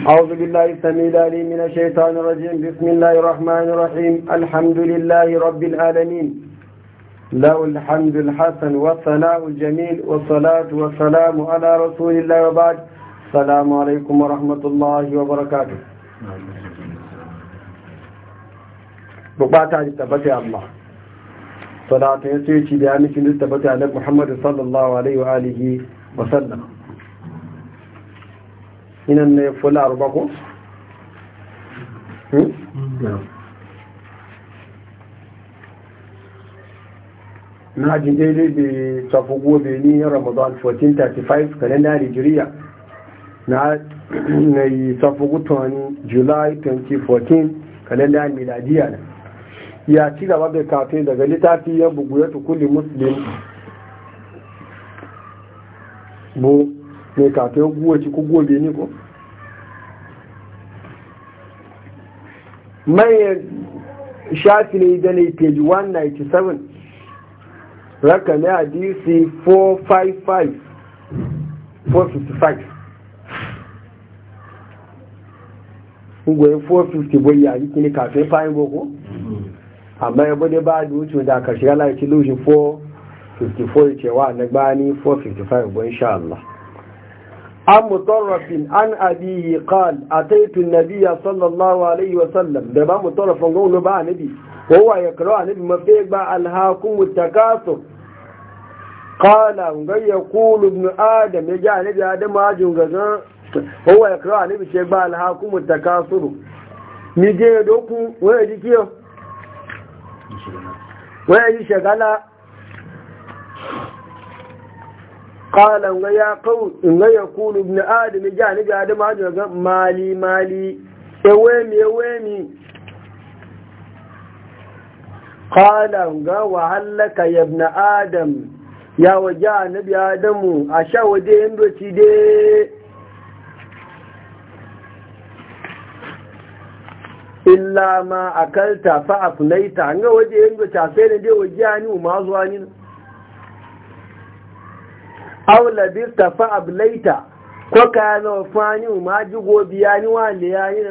أعوذ بالله السميع العليم من الشيطان الرجيم بسم الله الرحمن الرحيم الحمد لله رب العالمين له الحمد الحسن والثناء الجميل والصلاة والسلام على رسول الله وبعد السلام عليكم ورحمة الله وبركاته بقاطع تبتع الله صلاة يسير بأمك لتبتع محمد صلى الله عليه وآله وسلم inan na ya fi laruba ko? Hmm? na ji daidai bai tafi gobe ni ramadan 1435 kalenda nigeria na yi tafi gutuwan july 2014 kalenda miladiya na ya ci gaba da kafin daga littafi yan bugu ya tukuli muslim bu mai katon guwaci ko gobe ne ko mai shafi ne da ne page 197 rakami hadisi 455 455 ungwaye 450 bai yayi kini kafin fayin boko amma yabo dai ba da wuce da karshe yana ci lushin 454 cewa na gbani 455 bai insha Allah an mutarrafin an abihi qal ataitu nabiyya sallallahu alaihi wasallam da ba mutarrafin gaunu ba nabi ko wa ya karo nabi mafi ba alhakum mutakasu qala ngai ya kulu ibn adam ya ja nabi adam ma jun gaza ko wa ya karo nabi ce ba alhakum mutakasu mi je do ku wa ji kiyo ji shagala qala wa ya qawl in la yakunu ibn adam ja ni ga adam ajin ga mali mali ewemi ewemi qala ga wa halaka ya ibn adam ya waja annabi adamu a sha waje yando ci dai illa ma akalta fa afnaita an ga waje yando ta sai ne dai waje ani ma zuwa ni aw ta fa ablaita ko ka zo fani ma ji gobiya ni wa le yayi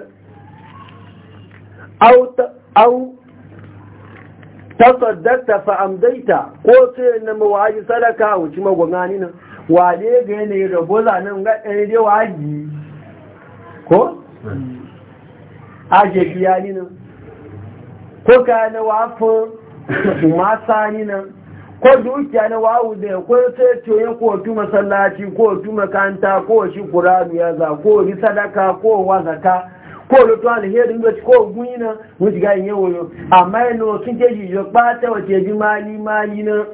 au ta tasaddaqta fa amdaita ko sai na mawaji sadaka wuci magwani nan wale ga ne rabo zanen ga ɗaya dai waji ko aje biya ni nan ko ka na wafin ma ni nan ko dukiya na wawu da ko sai ya ko tu masallaci ko tu makanta ko shi qur'ani ya za ko ni sadaka ko wazaka ko lo to alherin da ko guyina mu ga yin yoyo amma no sun je yi yo pata je bi mali mali na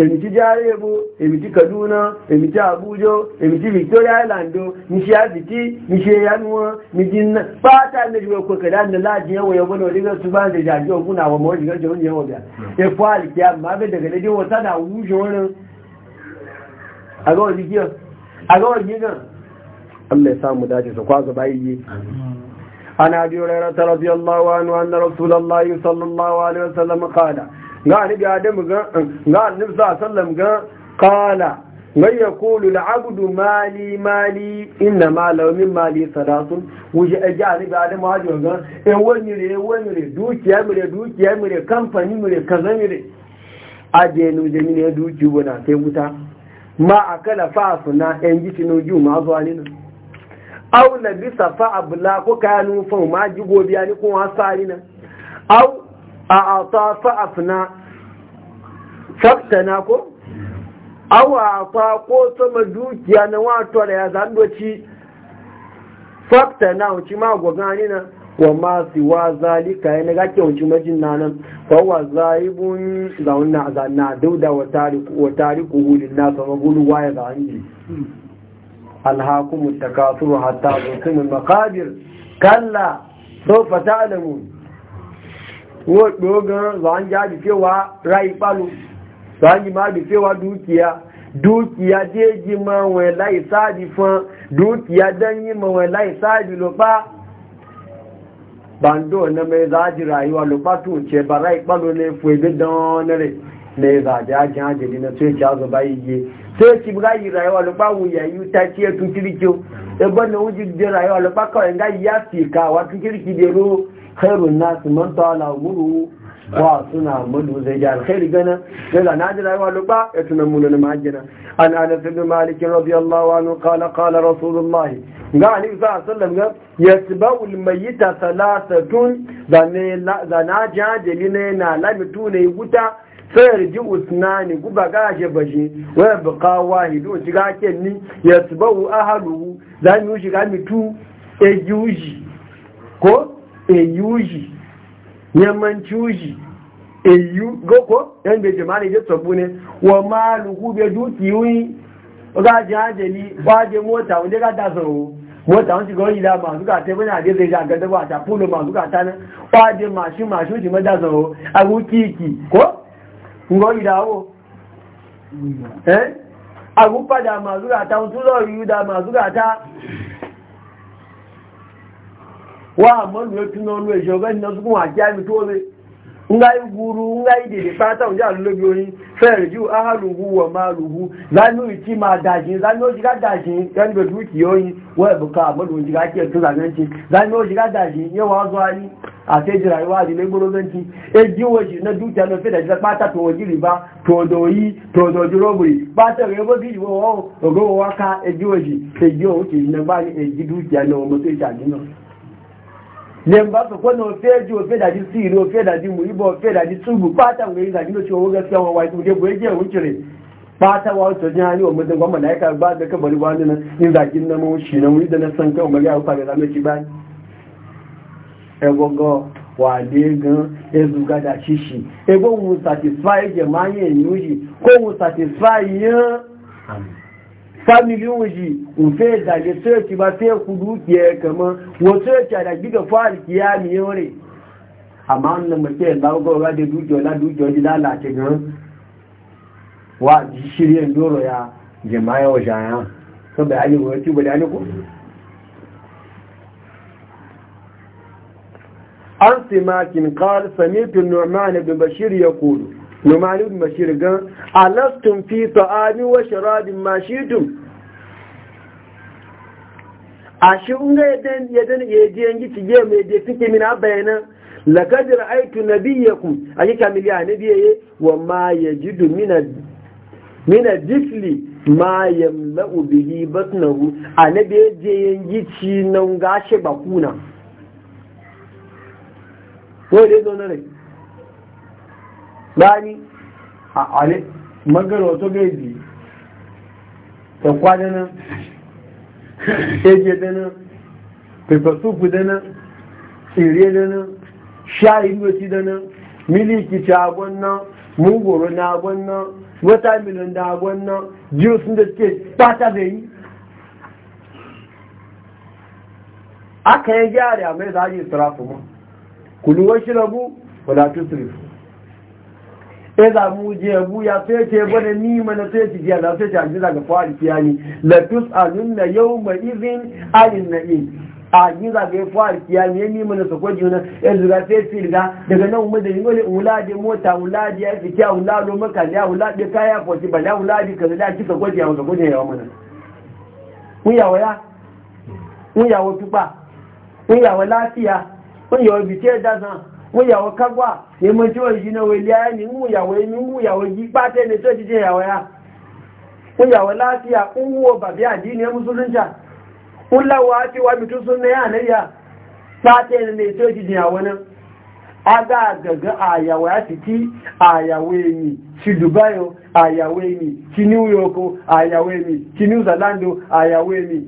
emiti jarebu emiti kaduna emiti abuja emiti victoria island mishi aziki mishi yanuwa miji na fata na jiwa kwa kada na laji yawa yawa na wadda su ba da jaji ogun na wama wajen gajen ya amma daga da wani a ga wajen giyan a ga Allah ya samu dace su kwazo bayi yi عن أبي هريرة رضي الله عنه أن رسول الله صلى الله ga annabi adam ga ga annabi sallam ga qala man yaqulu al'abdu mali mali inna ma law min mali sadasun wuje aja annabi adam ha ga e wani re wani re dukiya mi re dukiya mi re kamfani mi re kaza mi re aje nu je mi re duki wona sai wuta ma akala fa na en jiti no ju ma zuwa aw na bi fa abla ko kanu fa ma jugo biya ani ko asari na au a ata fa'afna faktana ko awa ta ko sama dukiya na wato da ya zandoci faktana wuce ma gwagani na wa masu wa zalika ya naga ke wuce majin na nan fawa zaibun zauna zanna dauda wa tariku hulun nasa magulu waya za hanji alhakumu takasuru hatta zutumin makabir kalla sofa ta'alamun wọ́n pè ó gan ránjá àdìfẹ́ wa ra ipá lò ránjì máa àdìfẹ́ wa dúkìá dukiya déjì mọ́ wọn láì sáàdì fún dúkìá dẹ́yìn mọ́ wọn láì sáàdì ló pá bàndó ọ̀nà mẹ́ta àjìrà àyíwá ló pá tó jẹ bàrá ipá ló ní ne ẹgbẹ́ dán rẹ̀ mẹ́ta àjẹ́ àjẹ́ àjẹ́ nínú tó jẹ́ àzọba iye tó ti bá yìí ra àyíwá ló pá wù yà yíu tá tí ẹ tún kíríkì o ẹgbọ́n náà ó ti dẹ́ra khairun nasu man tawala umuru wa suna mulu zai ji alkhairi gana yana na ji rayuwa luba ya tunan mulu na majina an anas ibn malik radiyallahu anhu qala qala rasulullahi ga ani sa sallam ga yasba'u almayyita thalathatun zana jajeli ne na lamitu ne wuta sai yarji usnani guba gaje baje waya buqa wahidu shiga kenni yasba'u ahadu zan yi shiga mitu ejuji ko eyuji yamanci uji eyu goko yan da jama'a ne ya tsabu ne wa ma lugu be duki yi ga ji ajali ba je mota wanda ga da zaro mota wanda ga yi da ma suka ta bana da zai ga da ba ta pulo ma suka ta na ba je mashin mashin ji ma da zaro a kiki ko ngo yi da wo eh a gupa da ma suka ta tun zo yi da ma suka ta wa manu ya tuna wani mai shogan na su kuma jami tole in ga yi guru in ga yi dede fata wajen alulobiyoyi fayar jiwu an halugu wa malugu za mu yi ci ma dajin za mu yi shiga dajin yan da dukiyoyi wai buka a manu shiga ke tun zanenci za mu yi shiga dajin yawa zuwa ni a sai ji rayuwa ji na gboro zanci e jiwo shi na dukiya na fida jira fata to waji riba to doyi to doji robbery fata ga yabo biji wa wa ga wa ka e na dukiya na a mutu lẹ́mbà sọ̀kọ́ náà fẹ́ jí o fẹ́ dájí sí ìrí o fẹ́ dájí mú ibọ̀ fẹ́ dájí túbù pátàwọn èyí dájí ló ṣe owó gẹ́sí àwọn wa ìtúndé bó ẹjẹ́ òun kiri pátàwọn ọ̀tọ̀ ní àárín ọmọdé wọn mọ̀láíkà gbá abẹ́kẹ́ bọ̀lú wa nínú san kẹ́ ọmọdé àwọn pàgẹ́ satisfy jẹ máa yẹn ìlú yìí satisfy yẹn àmì family wuji ufe da ya soci ba sai ku dukiya kama wato ya da giga fari kiyami yore amma wannan mace ya zama gawa da dukiya na dukiya ji lalace gan wa shiryen doro ya jama'a wa jaya saboda ayi wa ci ba da ne ko an simakin qal sami'tu nu'man bin bashir yaqulu numani ibn bashir gan alastum fi ta'ami wa sharabin ma shitum ashi unga yadan yadan yaje yangi tige me de fike mina bayana laqad ku. A yi kamiliya nabiye wa ma ya yajidu mina mina difli ma ya yamla'u bihi batnahu anabi yaje yangi ci nan gashi bakuna ko dai zo na rai gani a ale magar wato gaji ta kwada nan eje dana pepasufu dana tsire dana sha iluwaci dana miliki ci agon nan mungoro na agon nan wata milan da agon nan jirusun da suke tata da yi aka yi gyara mai zaji su rafu ma kuluwar shi rabu wadatun su rufu sai za mu je ya sai ce bane ni mana sai ci jiya da sai ci ajiya daga fari ni la tus'alunna yawma idhin alin na'im a yi za ka yi fawar kiyami ya nima na sako juna ya zuga sai firga daga nan umar da yingole wulade mota wulade ya fike wulado maka ya wulade kaya foti ba ya wulade kaza da ki ya jiya sako ya wa mana mun yawa ya mun yawa tuba mun yawa lafiya mun yawa bice da zan mú ìyàwó kágbà èmọ tí ó yína wè lé ayé mú ìyàwó èmi mú ìyàwó yí pátẹ́ ní tó jíjẹ ìyàwó ya mú ìyàwó láti à bàbí àdí ní mùsùlùmíà ń láwọ àti wàmì tó sún náà nẹ́yà ní tó jíjẹ ìyàwó náà aga gaga ayawo atiki ayawo emi ti dubai ayawo emi ti new york ayawo emi ti new zealand ayawo emi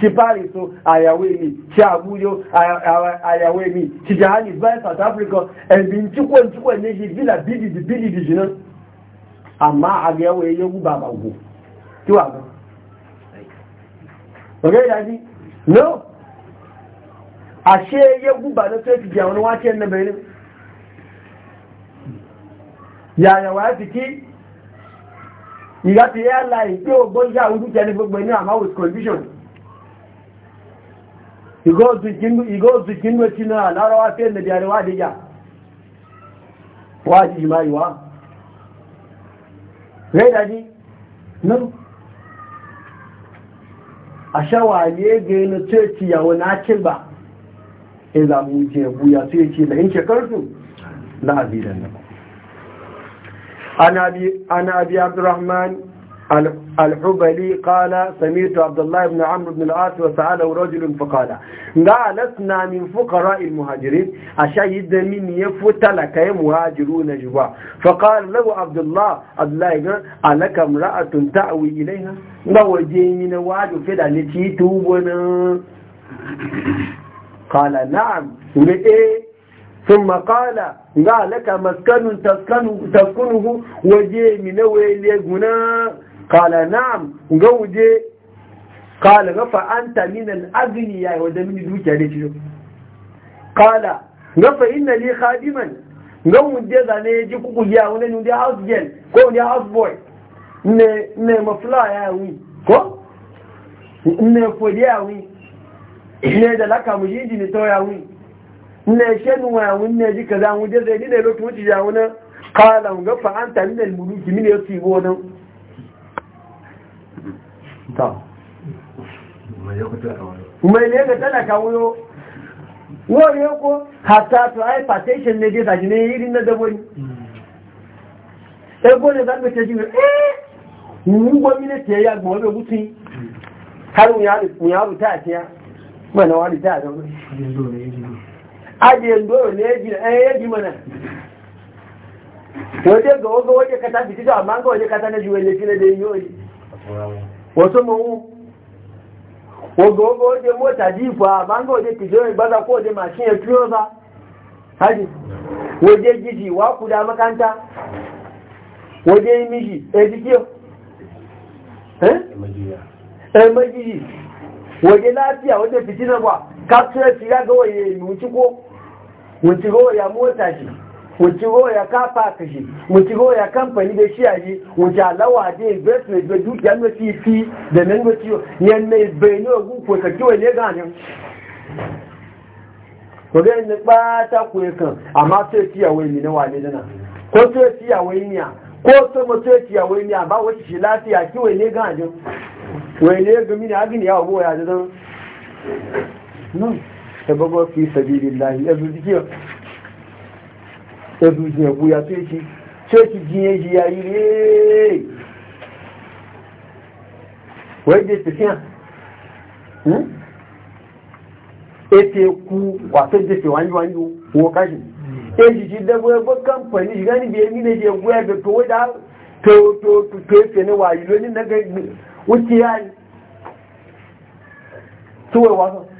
ti paris ayawo emi ti abuja ayawo emi ti johannesburg south africa ẹbi ntukwo ntukwo ne yi bila bididi bididi jina amma agawo eye wu baba wo ti wa gan ọgẹ ìdájí no ba eye wu baba tó ti jẹ àwọn wáṣẹ ẹnẹbẹrẹ yàyà ya ti kí ìgbà tí yà láì pé ògbọ́n yà ojú tẹni gbogbo ní àmà with condition ìgóòzù kínú etí náà lára wá fẹ́ mẹ́bí àríwá àdíjà wá jíjì máa yíwá rẹ̀ ìdájí náà àṣàwà àyẹ́gẹ́ inú tí ó ti yàwó náà kígbà ìlàmù ìjẹ̀bù tí ó ti lẹ́yìn أنا أبي عبد الرحمن الحبلي قال سمعت عبد الله بن عمرو بن العاص وسأله رجل فقال لا لسنا من فقراء المهاجرين أشهد من يفوت لك مهاجرون جوا فقال له عبد الله عبد الله بن ألك امرأة تأوي إليها لا وجينا واجو فدا لتيتوبنا قال نعم ولئي إيه؟ Tumma kala ga alaka masakanun takunuku waje mine wani leguna, kala na nga waje. Kala nga fa an ta ya yiwa wajen da dukiya da ya cito. Kala nga fahimtar ne kadiman nga mun je zaneji ko ku biya unanin, ko unyi house girl, ko unyi house boy, ne mafula ya yi mun, ko nefodiyayawu ne dalaka mun shi jini yi ne shan wa wunne ji kaza mun je zai ne lokacin wuce ya wuna qala ga fa anta min al muluki min yasi gonan ta mai ne ga kawo wuyo wore ko hatta to ai partition ne ji saji ne irin na dabo ni e ko ne zan ce ji eh mun go mine te ya gbo be gutin har mu ya mu ya ruta ta mana wani ta da ajiyan doro ne ya ji mana wajen ga wajen wajen kata fiti to amma ga wajen kata na juwe ne fina da yi yoyi wasu mawu wajen wajen wajen mota jifa amma ga wajen fijoyi baza ko wajen mashin ya fiyo ba haji wajen gidi wa kuda makanta wajen yi miji ya ji kiyo eh majiji wajen lafiya wajen fitina ba ka tura fiya ga wajen yi ko wuce ya mota shi wuce ya kafa ka shi wuce ya kamfani da shi a shi wuce alawa da investment da dukiyar na fifi da nan da ciwo yanne bai ne ogun ko ka kiwa ne ganin ko ga ni ba ta ko kan amma sai ci yawai ni na wane dana ko sai ci yawai ni ko sai mu sai ci yawai ni ba wace shi lafiya kiwa ne ganin wai ne ga mini agini ya go ya da nan ẹgbọ́gbọ́ fi sabilillahi ẹ̀rù jìyàn bóyá tó èkì tí ó ti jìyàn wani ilé wọ́n jẹ́ tẹ̀síyàn ètè kú wà tó jẹ́ tẹ̀wáyíwáyí owó káṣì èjì ti ne ẹgbọ́ kàmpẹ̀lì ìgbà níbi ẹni lè jẹ́ ẹgbọ́ ẹgbẹ̀ tó wọ́dá ne tó tó tó ẹ̀fẹ̀ ní ya yi Tuwai hmm? nẹ́gbẹ̀ẹ́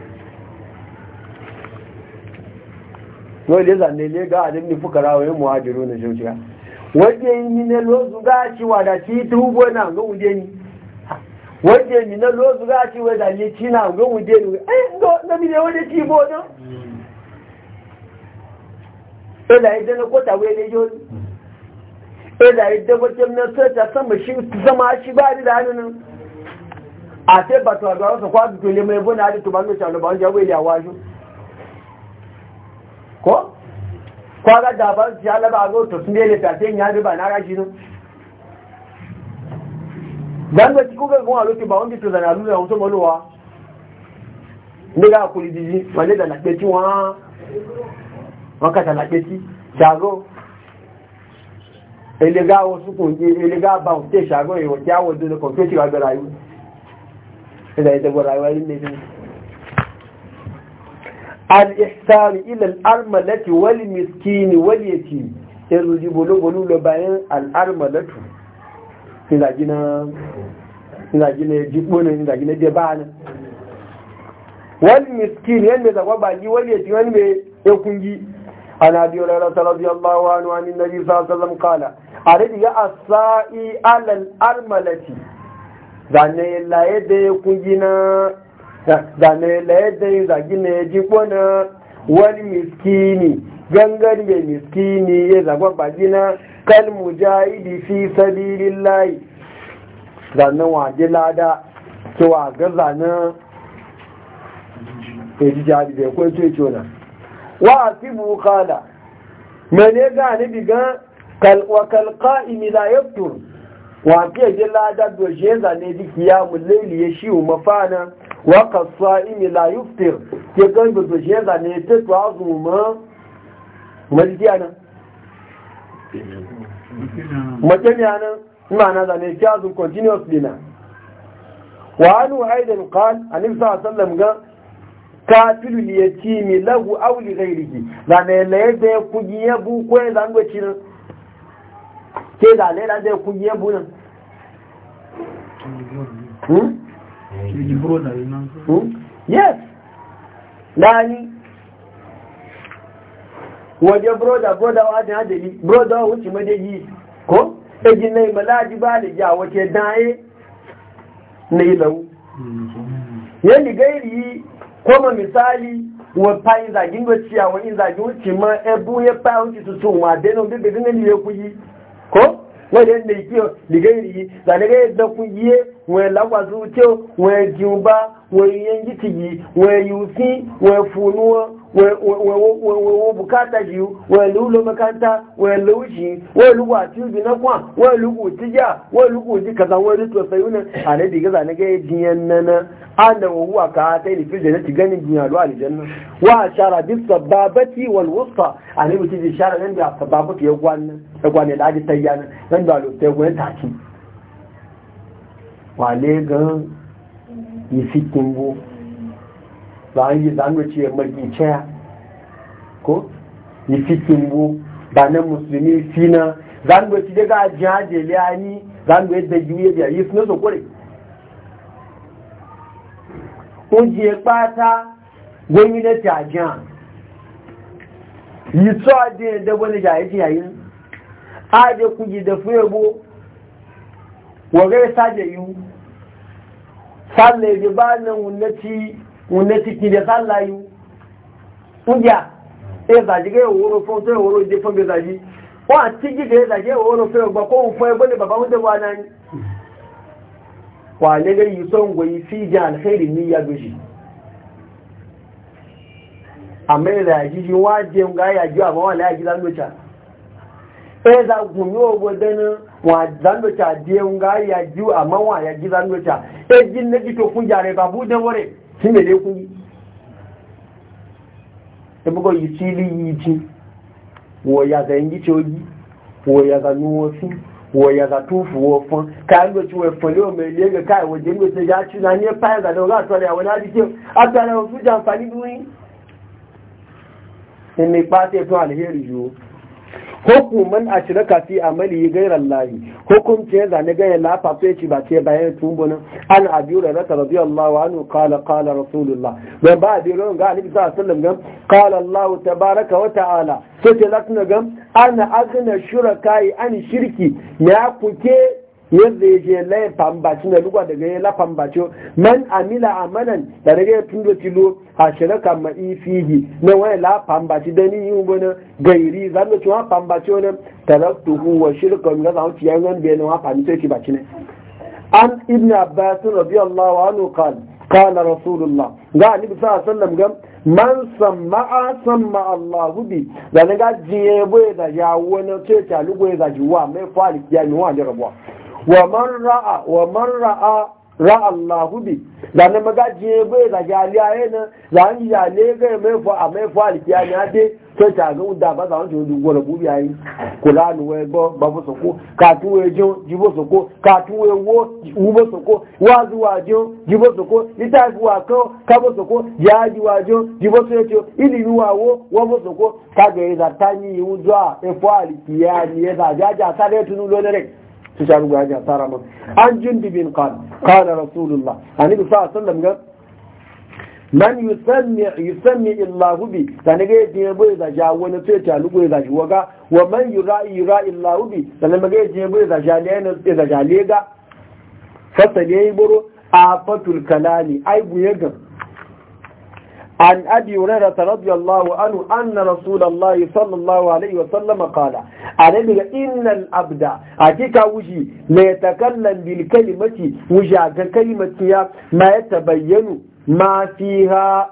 yau da zane ne ga adin ni fukara wa yin muhajiru na shirya wajen yi ni na lozu ga ci wa da ci ta hugo na ga wuje ni wajen yi na lozu ga ci wa da ne ci na ga wuje ni ai eh, ga na mi ne wani ci bo don ɗaya idan na eh, kota wai ne yau ɗaya idan wajen na sai ta sama shi sama shi ba da hannun a sai ba ta zuwa wasu kwazuto ne mai bu da hadi tubanin shanu ba wani jagwai da ya washe ko kwaga daban su ya laba zo to sun dele ta sai ya riba na rashi no dan da kuka gon a lokaci ba wanda to zana lura wato malowa ndiga kuli diji wale da lake ti wa wakata lake ti shago elega wasu kun elega ba ku te shago e wa kyawo dole ko ke ti ga ga rayu ida ita go rayuwa ne al'isani ilal armalati wal miskini wal yaki yanzu bolo-bolo da bayan al'armalatu inagina jikbonin inagina da ba nan wal miskini yadda zagwa baki wal yaki wani mai yakungi an abiyar rarata radiyallahu wani na nabi sa'asallam kala a rari ya asa'i alal armalati zane laye da kungi na da ne laidai zagi ya ji kona wani miskini gangar da miskini ya zagwa bagina kan mujahidi fi sabilin layi zanen waje lada cewa ga zanen ji jari da ya kwai ce cona wa a fi bukala mene gane digan wakalka imila fito wa ke ji lada doshe zane dikiya mulaili ya shi mafana. waka imi la yuftir ke kan bi to shi zane ta to azuma majiya nan mace ne nan ina na zane ki azum continuously na wa anu aidan qal annabi sallallahu alaihi wasallam ga li yatimi lahu aw li ghayrihi ne le de kujiye bu ko zan go cin ke da le da de kujiye bu na hmm? yes gani waje broda broda wa da hadari broda wa wuce madaji ko eji na imalaji ba da ja wace daye na yi ilau yadda gairi kuma misali wa fayin zagin gwaciya wa in zagin wuce ma ebu ya fayin wuce su su ma denon bebe ganin ya kuyi ko wajen da kiyo ligairi zanaga yadda ku yiye wai lagwazu kyau wai juba wai yanki tigi wai yusi wai funuwa wai bukata jiyu wai lulo makanta wai laushi wai lugu a tubi na kwa wai lugu tija wai lugu ji kaza wai rito sayunan a diga zanaga yadda nana ana wa huwa ka ta yi fil jannati ganin duniya da aljanna wa ashara bis sababati wal wusta ani mutu ji shara nan da sababatu ya gwan ya gwan da aji tayyana nan da lote gwan ta ci wale gan yi fikin ba yi zango ce magi cha ko yi ba nan musulmi fina zan daga yadda yi suna so kore oúnjẹ pátá gwamnati a da yi tó adé ẹ̀dẹ́ wọ́n jà ẹ̀dẹ́ yàyí adé kú jìdẹ̀ fún ẹgbó wọ̀rẹ́ sájẹ̀ yìí sálẹ̀ èdè bá ní wùnẹ́tí kìdẹ̀ sálà yìí oúnjẹ ẹ̀zàjígẹ́ ìwòrò fún tó ìwòrò ìdẹ́ fún bẹ̀zàjí wọ́n àti jìdẹ̀ ẹ̀zàjí ìwòrò fún ẹgbọ́ ní bàbá wale ga yi son goyi fi ji alheri ni ya guji amma da ya jiji waje ga ya ji amma wala ya ji zan docha e za gumi ogo dana wa zan docha de ga ya ji amma wa ya ji zan docha e jin na ji to kun jare babu da wore shi ne dai kun e bugo yi sili yi ji wo ya zan yi choji wo ya zan nuwo wòye àtúfù wo fún káàgbé tí wọ́n fún ní òmè ilé ẹgbẹ̀ káàwò jẹ́ ní òṣèjá tí náà ní ẹ̀pá ìgbàdà ọgá àtọ́rẹ àwọn alájíjẹ́ àtọ́rẹ òfújà ń fa níbi wí ní pàtẹ́ fún àlèhèrè yìí ko man a cire kafi a mali gairan layi hukunci ya zane gaya lafa sai ci ba ce bayan tumbunan an abiyu da rata radiyallahu anhu kala kala rasulullah ban ba abiyu da ga annabi sallallahu alaihi gan. kala allah baraka wa ta'ala sai ce lakna gan ana azna kayi, an shirki ya kuke yadda ya je laye fambaci na lukwa daga ya la fambaci man amila amalan da daga ya tundo tilo a shiraka ma ifihi na waye la fambaci da ni yi wani gairi za mu cewa fambaci wani taraktuhu wa shirkan ga zama ciyan yan biyan wa fambaci ce baci ne an ibn abbas radiyallahu anhu qal qala rasulullah ga annabi sallallahu alaihi wasallam ga man sama'a sama Allahu bi da daga jiye boye da ya wani ce ta lugo ya zaji wa mai fali ya ni wa da rabuwa wa man ra'a wa man ra'a ra'a Allahu bi da na maga je bai da an ya ne ga a mai fa alkiya ne ade to ta ga da ba an jo du gora bu yayi Qur'an we go ba bu soko ka tu we ji bu ka tu we wo u bu soko wa zu ji bu soko ni ka bu ya ji ji e e tunu تجعل واجه طارما عن جندب قال قال رسول الله عن النبي صلى الله عليه وسلم قال من يسمع يسمع الله به سنجي جيبو إذا تي ونسوي تعلق إذا جوغا ومن يرى يرى الله به دي بو اذا جا لين اذا جا ليغا فسنجي برو آفة الكلام بو بيغم عن أبي هريرة رضي الله عنه أن رسول الله صلى الله عليه وسلم قال عليك إن الأبد أتيك وجي لا يتكلم بالكلمة وجاء كلمة ما يتبين ما فيها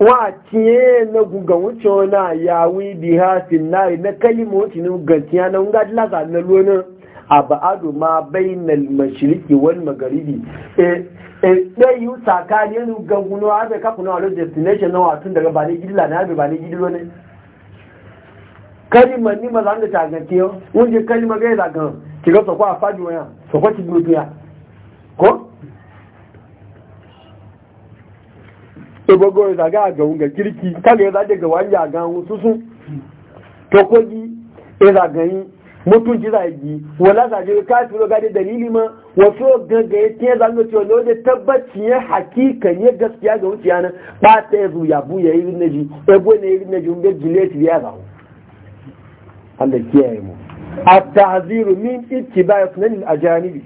wace na guga wuce wani yawi biha sinari na kalimocin gantiya na ngaji lasa na lonin abadu ma bainal mashriqi wal magharibi eh eh yu sakani nu ganguno abe ka kuno alo destination na watun daga bani gidila na abe bani gidilo ne kalima ni ma zanga ta ga tiyo unje kalima ga da gan ki ga sokwa afaju ya sokwa ti gulu ya ko ebogo da e ga ga unga kirki kaga ya da ga wanja ga susun to koji ila e ganin mutunci za yi wala za je ka turo ga da dalili ma wato gaga ya tiyan zanu ce wala da tabbaci ya hakika ya gaskiya ga wuciya nan ba ta yazo ya bu ya yi naji ego ne yi naji mun jileti ya ga Allah kiyaye mu at-tahziru min ittiba'i sunan al-ajanibi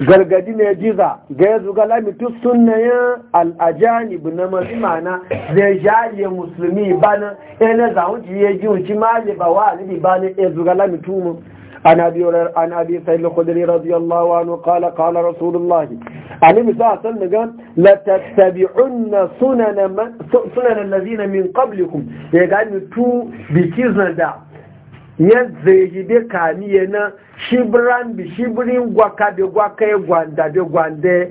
gargadi ne jiza ga ya zuga lami tu sunayen al'ajani bu na mazimana da ya ya musulmi ba na ya na zaunci ya ji wuci ma ya ba wa alibi ba na ya zuga lami tu mu an abi sayi lukudiri radiyallahu anu kala kala rasulullahi alibi sa san daga la tattabi'unna suna na lazina min qablikum ya gani tu bi kizna da yadda yi be kaniye na shibiran bi shibirin gwaka da gwaka ya gwanda da gwanda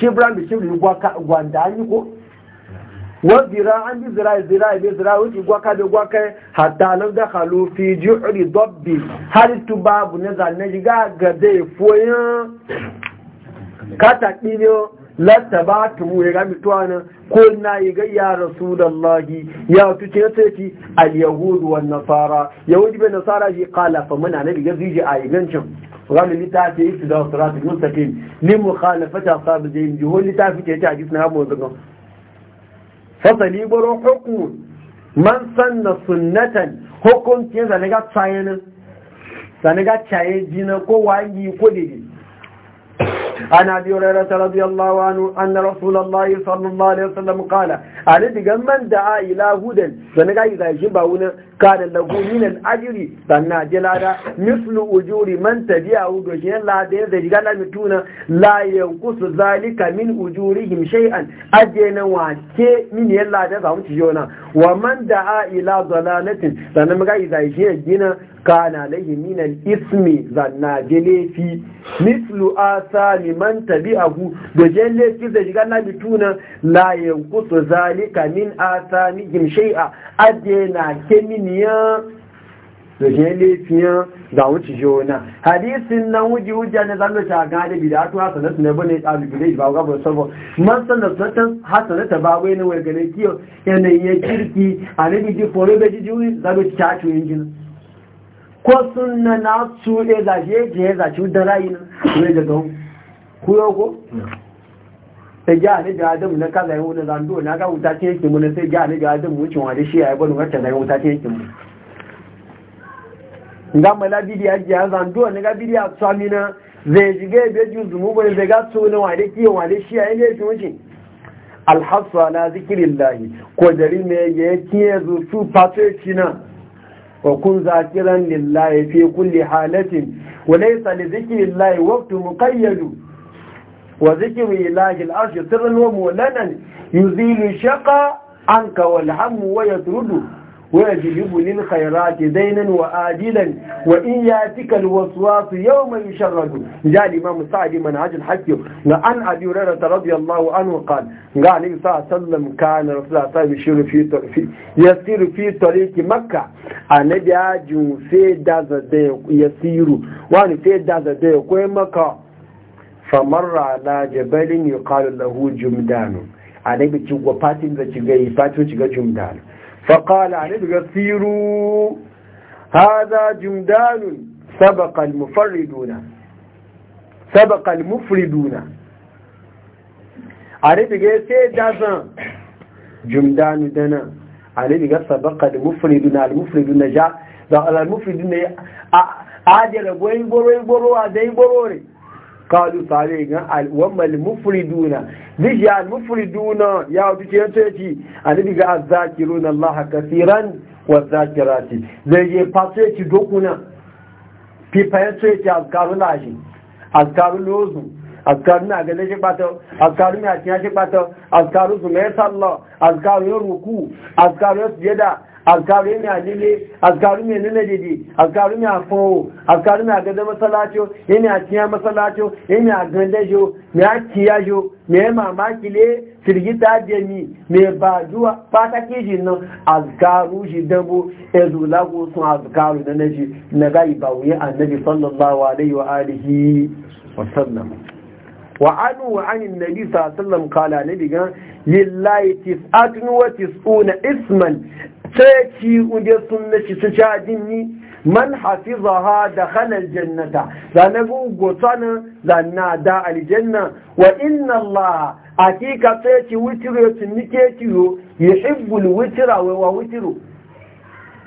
shibiran bi gwaka gwanda an yi ko wa zira an bi zira zira bi zira wuce gwaka da gwaka hatta nan da halu fi ju'ri dobbi har tu babu na zanne ga ga dai foyan katakini latta ba ta mu ya gami tuwana ko na yi gayya ya rasulallahi ya tuce ya ce al-yahudu wa nasara yahudi bai nasara shi kala fa muna na biyar zuji a igancin rami littafi isi da wasu rasu mustaqim ni mu khalafata sabu yi. jihon littafi ke ta hadisi na hamu zuka fasali baro hukum man sanna sunnatan hukunci zanaga tsayanin zanaga tsaye jina ko wangi ko dede عن أبي هريرة رضي الله عنه أن رسول الله صلى الله عليه وسلم قال أنا بقى من دعا إلى هدى فنقع إذا يجب هنا kada lagu minan ajiri ajri sanna jalada mislu ujuri man tabi'ahu do shi la da da diga la mituna la yanqusu zalika min ujurihim shay'an ajena wa ke min yalla da za mu ci yona wa man da'a ila zalalatin sanna maga iza shi gina kana lahi minan ismi zanna jalefi mislu asali man tabi'ahu do jalefi da diga la mituna la yanqusu zalika min asami shay'a ajena ke min niya da ke laifiyan da wuce shi wani hadisin nan wuji hujja ne zanga ta ga da bida to hasan sun ne bane ta bigire ba ga ba sabo man san da satan hasan ta ba wai ne wai gane kiyo yana ya kirki a anabi ji fore be ji juyi zanga ta tu injin ko sunna na su e da je je za ci da rayin ne ga ku yo ko mm. sai ja ne ga adam na kaza yin wani zando na ga wuta ce yake mun sai ja ne ga adam wucin wa da shi ayi gwani wacce na wuta ce yake mun nga mala bidiya ya zando ne ga bidiya tsami na zai jige bai ji zumu bai zai ga so ne wa da ki wa shi ya ne shi wucin alhasu ala zikirillahi ko dari me ya kiye zu su fatoci na wa kun zakiran lillahi fi kulli halatin wa laysa li zikrillahi waqtu muqayyadu وذكر الله الأرش سرا ومولانا يزيل الشقى عنك والهم ويطرد ويجلب للخيرات دينا وآجلا وإن ياتك الوسواس يوم يشرد جاء الإمام سعد من عجل الحكي وأن أبي هريرة رضي الله عنه قال قال النبي صلى الله عليه وسلم كان رسول الله صلى الله عليه وسلم يسير في طريق مكة النبي أجو في دازة يسير وأن في دازة يقوي مكة famarra ala jabalin yuqalu lahu jumdanu annabi ci go fatin da ci gai fatin ci ga jumdanu fa qala annabi ga siru hadha jumdanun sabaqa al-mufarriduna sabaqa al-mufriduna annabi ga sai dazan jumdanu dana annabi ga sabaqa al-mufriduna al-mufriduna ja da al-mufriduna a ajira goyi goro goro a dai goro ne kalu sare ga alwamal mufriduna bishi al mufriduna ya wuce ce ce ci annabi ga azzakiruna Allah kaseeran wa zakirati zai je fase ci dokuna fi fayyace ci azkarun lashi azkarun lozu azkarun agane shi bato a yakin shi bato azkarun su mai sallah ya ruku ya azkarun sujada azkaru mai alile azkaru mai nuna dede azkaru mai afowo azkaru mai agada masalacho ya mai tiya masalacho ya mai ganda jo mai a jo mai mamaki le firgita jami mai ba juwa fata keji nan azkaru shi dambo ezulago sun azkaru na naji na gai ba wuyan annabi sallallahu alaihi wa alihi wa sallam وعنه عن النبي صلى الله عليه وسلم قال نبي لله تسعة وتسعون اسما sai ci unde sun ci su ci adini man hafiza ha da halar jannata zane gun zanna da aljanna wa inna Allah hakika sai ci wutiro ya tunike ciwo ya hibbul wa wutiro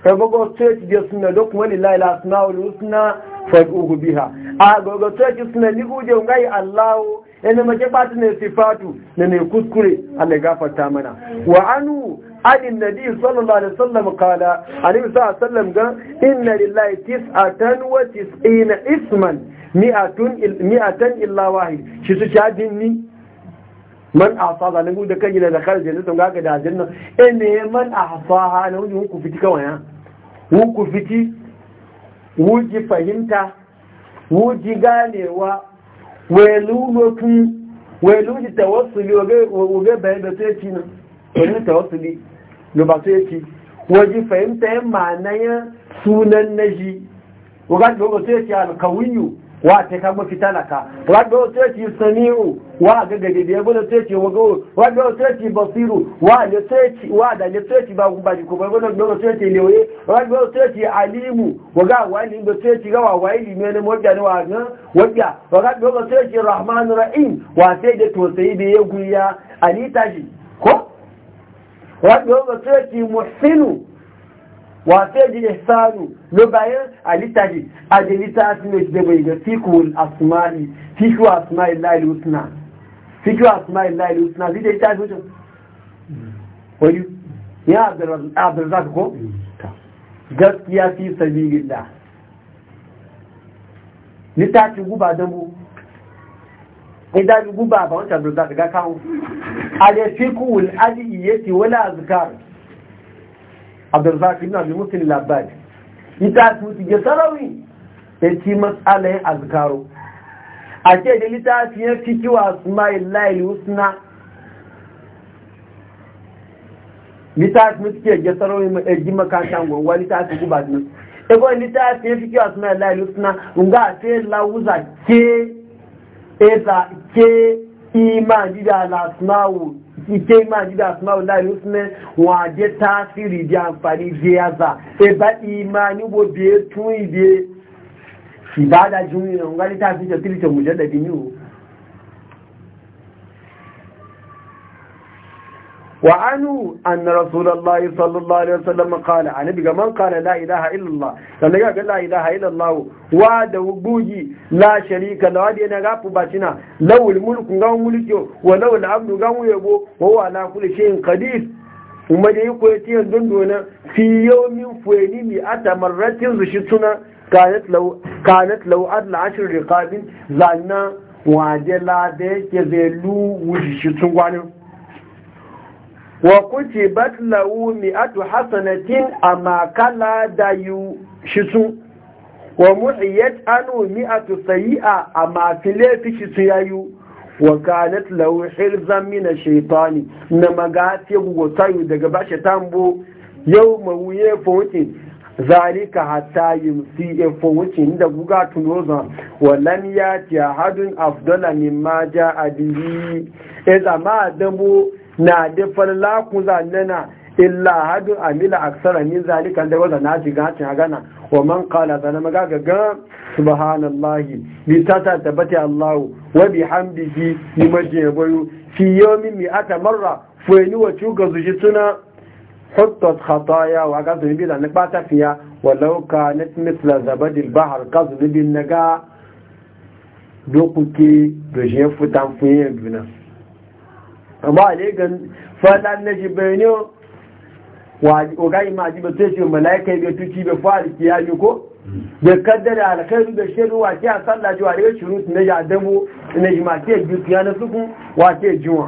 sai gogo sai ci da suna duk wani laila suna wani suna fa'uhu biha a gogo sai ci suna ngai Allahu yana mace fatu ne sifatu na ne kuskure Allah gafarta mana wa anu عن النبي صلى الله عليه وسلم قال عن النبي صلى الله عليه وسلم قال إن لله تسعة وتسعين اسما مئة, مئة إلا واحد شو تشاهدني man ahsaha nan gudu kan gida da kar je sun ga da janna in ne man ahsaha nan wuji ku fiti kawai ha ku fiti wuji fahimta wuji ganewa welu lokun welu ji tawassuli bayan da sai ci nan welu lubatu yake waje fahimta yin ma'anayin sunan na shi wadda da wato yake alkawiyu wa ta kan mafi talaka wadda da wato yake sami'u wa ga gade da yabo da yake da basiru wa da ba gumba da yake lewaye alimu da wa da yake rahman rahim wa sai da tosai da ya guya alita shi ko waɗo ga tsoki muhsinu wato ji ihsanu lo bayan alitaji ajelita asime da bai ga fikul asma'i fikul asma'i lail husna fikul asma'i lail husna zai da yi zuwa wani ya abdurazak ko gaskiya fi sabilillah litafin guba dambu idan guba ba wancan abdurazak ga kawo على فقه الأدعية ولا أذكار عبد الرزاق بن عبد المسلم العباد يتعرف تجسروي يتي مسألة أذكاره أتي دلتا في فقه وأسماء الله الحسنى littafi mutu ke gasarori a jima kashan gwangwa littafi guba nan ko littafi ya fi kiwa suna lalai suna nga a sai ke eza ke iman dida al'asmawu ike iman dida asmawu láàrin ó súnmẹ́ wọn àjẹ́ táàfìrì di àǹfààní di àzà ẹ̀bá iman níbo bí i tún ìdí ìbádájú ìrànwọ́ nígbà tí táàfìrì tẹ̀lé وعنوا أن رسول الله صلى الله عليه وسلم قال عن ابن من قال لا إله إلا الله فلقى قال لا إله إلا الله وعد وبوجي لا شريك له هذه أنا باتنا لو الملك قام ملكه ولو العبد قام يبو وهو على كل شيء قدير وما يقول يتين دندونا في يوم فويني مئة مرات رشدتنا كانت لو كانت لو أدل عشر رقاب زالنا وعد لا ديك يزيلو وشتنغانو wa kutibat lahu mi'atu hasanatin amma kala da yu shisu wa muhiyat anu mi'atu sayi'a amma file fi shisu yayu wa kanat lahu hirzan min ash-shaytani na magati gotayu daga shi tambo yau mawuye fote zalika hatta yumsi e fote da guga tunoza wa lam hadun ahadun afdala mimma ja'a bihi idza ma dambu na da falla ku zannana illa hadu amila aksara min zalika da wanda na shiga cin gana wa man qala da maga gaga subhanallahi bi tata tabati allah wa hamdihi ni maje boyu fi yawmi mi ata marra ni wa ga zuji tuna huttat khataya wa ga bi da ni ta fiya walau kanat mithla zabad al-bahr qazbi bin naga dokuki do je futan fuyen duna amma ne gan fada na shi bayani wa ga ji bace ce bai bai fara ko da kaddara alkhairu da shiru wa ke sallah ji wa ne shurut na ya damu na ji ma ke ji kiyana suku wa ke jiwa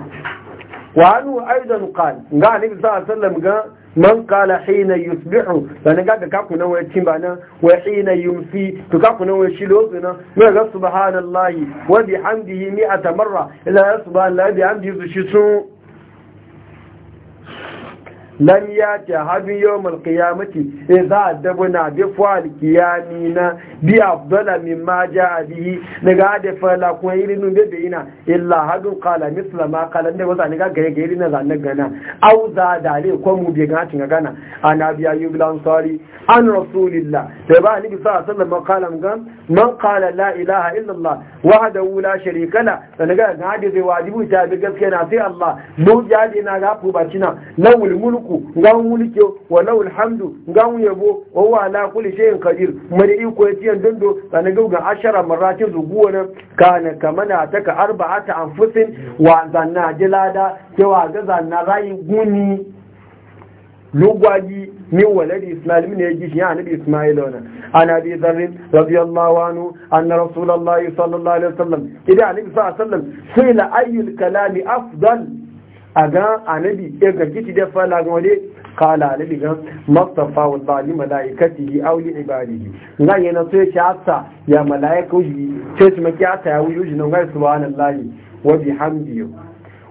wa anu aidan kan ga ne sallallahu ga man kala hina yusbihu dan ga ga kakuna wai timba nan wa hina yumsi to kakuna wa shi lozu mai ga subhanallahi wa bihamdihi mi'ata marra ila subhanallahi bihamdihi shi sun lam yati za yawm alqiyamati na dabuna bi fa'al qiyamina bi min ma ja bihi daga da fala ko irin nun da ina illa hadu qala misla ma qala da wasa ne ga gare gare na zane gana au za da le ko mu bi ga tin gana annabi ayu al-ansari an rasulillah Da ba ni bi sallallahu alaihi qala man qala la ilaha illa allah wahdahu la sharika la sai ga ga da zai wajibu ta bi gaskiya na sai allah mu da na ga ku na lawul mulku ga mulki wa lawul hamdu ga yabo wa wala kulli shay'in qadir mari iko ya nan dondo sanin gaugan ashara marakin zuguwa nan ka na kama na ta ka arba'ata ta amfusin wa zanna jilada cewa ga zanna rayu guni lugwagi min waladi ismail min yaji shi annabi ismail ona ana bi zarrin radiyallahu anhu anna rasulullahi sallallahu alaihi wasallam idan annabi sallallahu alaihi wasallam sai la ayyul kalami afdal a e ga anabi ya ga kiti da fala ga wale kala anabi ga mustafa wa bali malaikatihi aw li ibadihi ngan yana so ya hatta ya malaika uji sai su maki hatta ya wuji uji ngan subhanallahi wa bihamdihi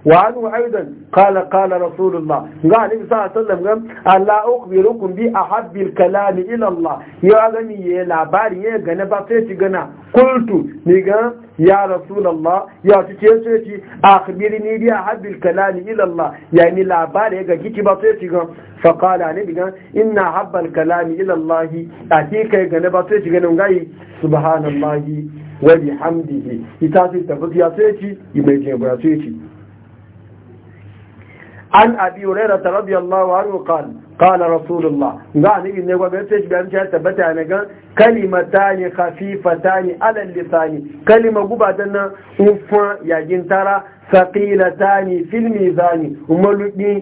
wa anhu aidan kala kala rasulullah ga anabi sallallahu alaihi wasallam Allah ukhbirukum bi ahabbi al ila Allah ya ga a ya labari ya ga na ba sai ci gana kultu ni ga ya rasulallah ya ci ce a ci akhbirni bi habil kalami ila Allah yani labari ga kiki ba sai ci ga fa qala ne diga inna habbal kalami ila Allah atika ga ne ba sai ci ga nan gai subhanallahi wa bihamdihi ita ce tafi ya sai ci ibe je ba sai ci an abi hurairah radiyallahu anhu qala qala rasulullah ga ni ne ga bace shi bayan ya tabbata ne ga kalimatani khafifatani ala lisani kalima guba dan nan ufa yajin tara saqilatani fil mizani umaludi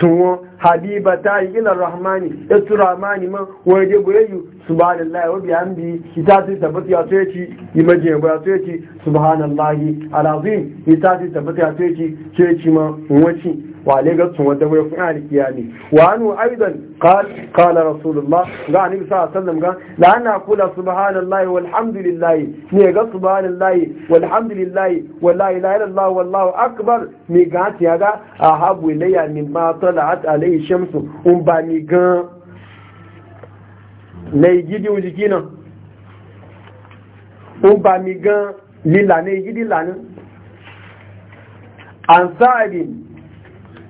suwo habibatani ila rahmani aturamani man waje boyeyu subhanallahi wa bihamdi itati tabbata ya to yaci imaje ya to yaci subhanallahi alazim itati tabbata ya to yaci ce ci ma wace wale ga sun wanda wai fa'al kiyami wa anu aidan qal qala rasulullah ga annabi sallallahu alaihi wasallam ga la na kula subhanallahi walhamdulillahi ne ga subhanallahi walhamdulillahi wa la ilaha illallah wallahu akbar mi ga ti ga ahabu ilayya mimma talat alayhi shamsu um ba mi ga nay gidi ujiki nan um ba mi ga lila ne gidi lanin an sa'adin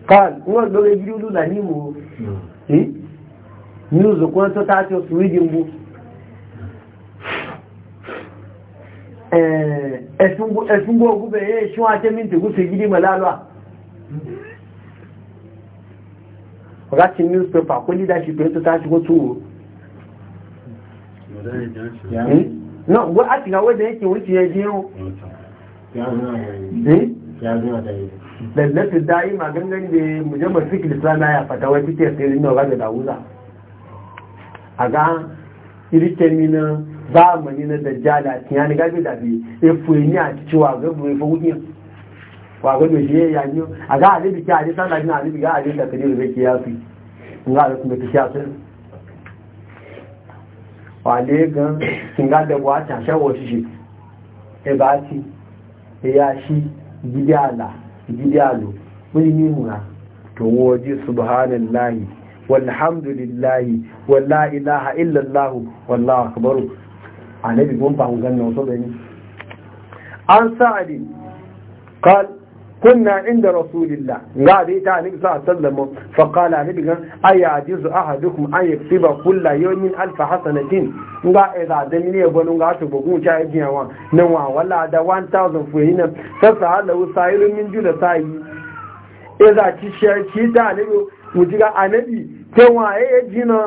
kan wọ́n lórí ibi olú là ní ìwò hmm. ní òzòkún tó tààtí oṣù rí jìnbó ẹ̀ṣùngbó ogúnbẹ̀ yẹ́ ṣún àtẹ́mí tèkú sí gidi mọ̀láàlọ́à newspaper leadership ya zuwa da yi da'i ma gangan da mujammal fi kilisa ya fata wai fi kesa irin nawa da dawuza a ga irikemi na zamani na dajjala tiya ni gabi da bi ya ni a ci wa ga bu efu wa ga do shi ya ni a ga alibi ki ali sallah ni alibi ga ali da kadiru zai ya fi nga da kuma kiya sun wa le ga kin ga da wa ta shawo shi Ya e ba ti e ya shi gidi ala gidi alo mulmi muna to waje subhanallahi walhamdulillahi walla ilaha illallah wallahu akbar annabi gon ba mu ganna so da ni an sa'adi قال كنا عند رسول الله قال إيتا النبي صلى الله عليه وسلم فقال النبي أيعجز احدكم ان يكتب كل يوم الف حسنه قال اذا دمني يبون قال تبقون شاء ابن نوا ولا دا 1000 فينا فسال له سائل من جل ساي اذا تشي تشي دا النبي وجيغا النبي تواعي جنا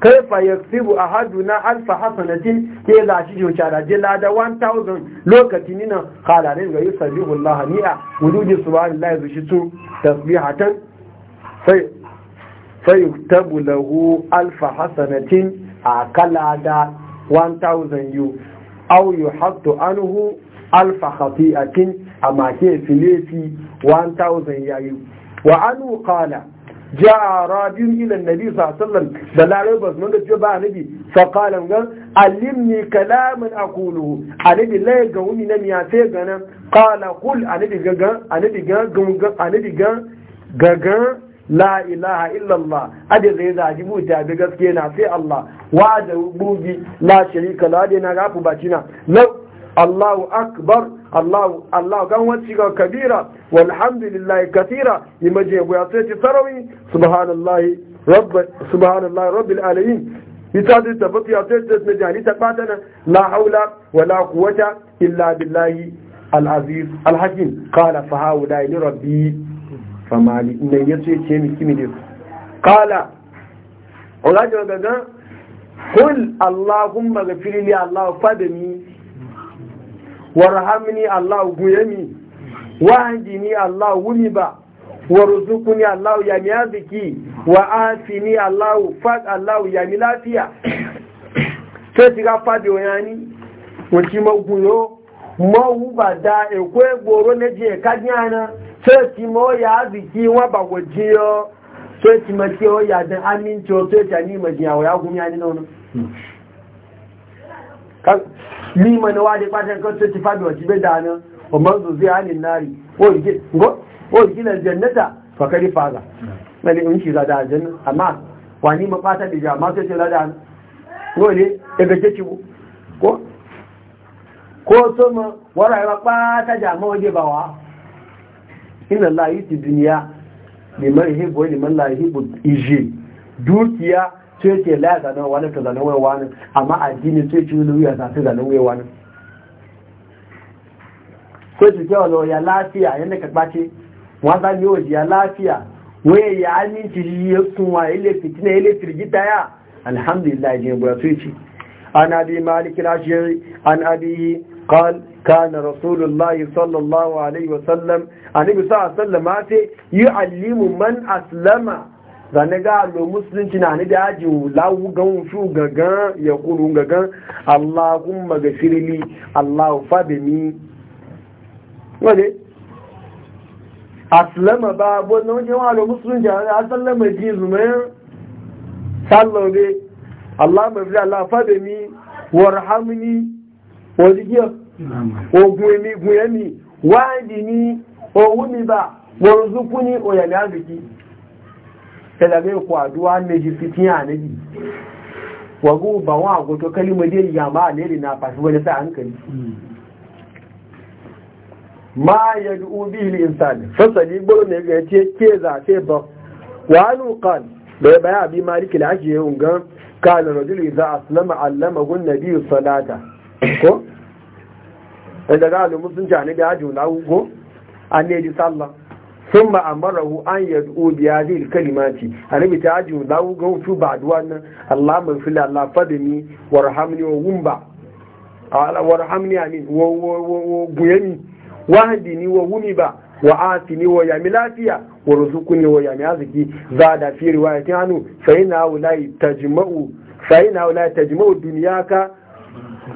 kaifa yaktibu ahaduna alfa hasanatin ke za shi jo cara lada 1000 lokaci ni nan khalare ga yusabihu allah ni'a wuduji subhanallahi zu shi tu tasbihatan sai sai yuktabu lahu alfa hasanatin akala da 1000 au yu aw an anhu alfa khati'atin amma ke filefi 1000 yayu wa anhu kala? جاء رادي الى النبي صلى الله عليه وسلم بلا بس من جاء النبي فقال قال علمني كلاما أقوله النبي لا يغوني نمي أتيقنا قال قل النبي قال النبي قال النبي قال لا اله الا الله ادي زي زاجي بو بوتا غسكينا في الله وعد بوجي لا شريك لا دينا غافو باتنا لو الله اكبر الله الله قهوة كبيرة والحمد لله كثيرة يمجي ويطيتي تروي سبحان الله رب سبحان الله رب العالمين يتعدي تبطي أطيتي تنجي لتباتنا لا حول ولا قوة إلا بالله العزيز الحكيم قال فهؤلاء لربي فما لي إن يتعدي كمي كمي قال أولاد وبدا قل اللهم غفر لي الله فدني warhamni Allah guyami wahdini Allah wuliba warzuqni Allah ya miyaziki wa afini Allah faq Allah ya milafiya sai tiga fadi oyani wati maguyo mawu ba da eko ekwe gboro neje kajana sai ti mo ya aziki wa ba gojiyo sai ti ma ti o ya da aminci o sai ta ni majiya wa ya gumi ani nono hmm. lima na waje fatan kan sai wa jibe da nan wa manzu zai halin nari ko gina jannata fa faza mali in shi zada janna amma wani ma fata da jama sai sai zada ko ne daga kike ko ko so ma wara ya fata jama waje bawa inna la yuti liman yuhibbu liman la yuhibbu iji dukiya sai ce la zanen wani ta zanen waiwa ne amma addini sai ce wani wuya sai zanen waiwa ne sai su kewa zo ya lafiya yadda ka ɓace wata ne waje ya lafiya waye ya aminci shi ya ya ile fitina ya ile firgita ya alhamdulillah ya jini sai ce an abi malik rashiri an abi قال كان رسول الله صلى الله عليه وسلم النبي صلى الله عليه وسلم يعلم من أسلم zane ga lo musulunci na da yaji lawu gan shu gagan ya kuru gagan Allahumma gafirli Allah fa bi mi wale aslama ba bo no je wa lo musulunci na aslama ji zuma sallo be Allah ma bi Allah fa bi mi warhamni wajiya ogun mi gun yemi wa dini owu ni, ba warzuquni oyani aziki ẹlẹ́gbẹ́ ikú àdúwà méjì fi tí ba wa wàgó bà wọn àgótó kálímọ̀dé ìyàmá àlèrè na pàṣíwọ́lẹ́ wani sa hankali. ma yẹ ubi ilé ìsàlẹ̀ fọ́sàlì gbọ́rọ̀ nẹ̀rẹ̀ tí kéèzà fẹ́ baya bi maliki lashi ya ungan kanin za a allama na ko? a sun ma'amarahu an yad'u bi hadhihi al-kalimati annabi ta aji lahu ga su ba duwan nan Allah mai fila Allah fadimi warhamni wa wumba ala warhamni amin wa guyami ni wa wumi ba wa afini wa yami lafiya wa ruzuku ni wa yami aziki za da fi riwayatin anu hannu sai na tajma'u ta jima'u. Duniya ka dunyaka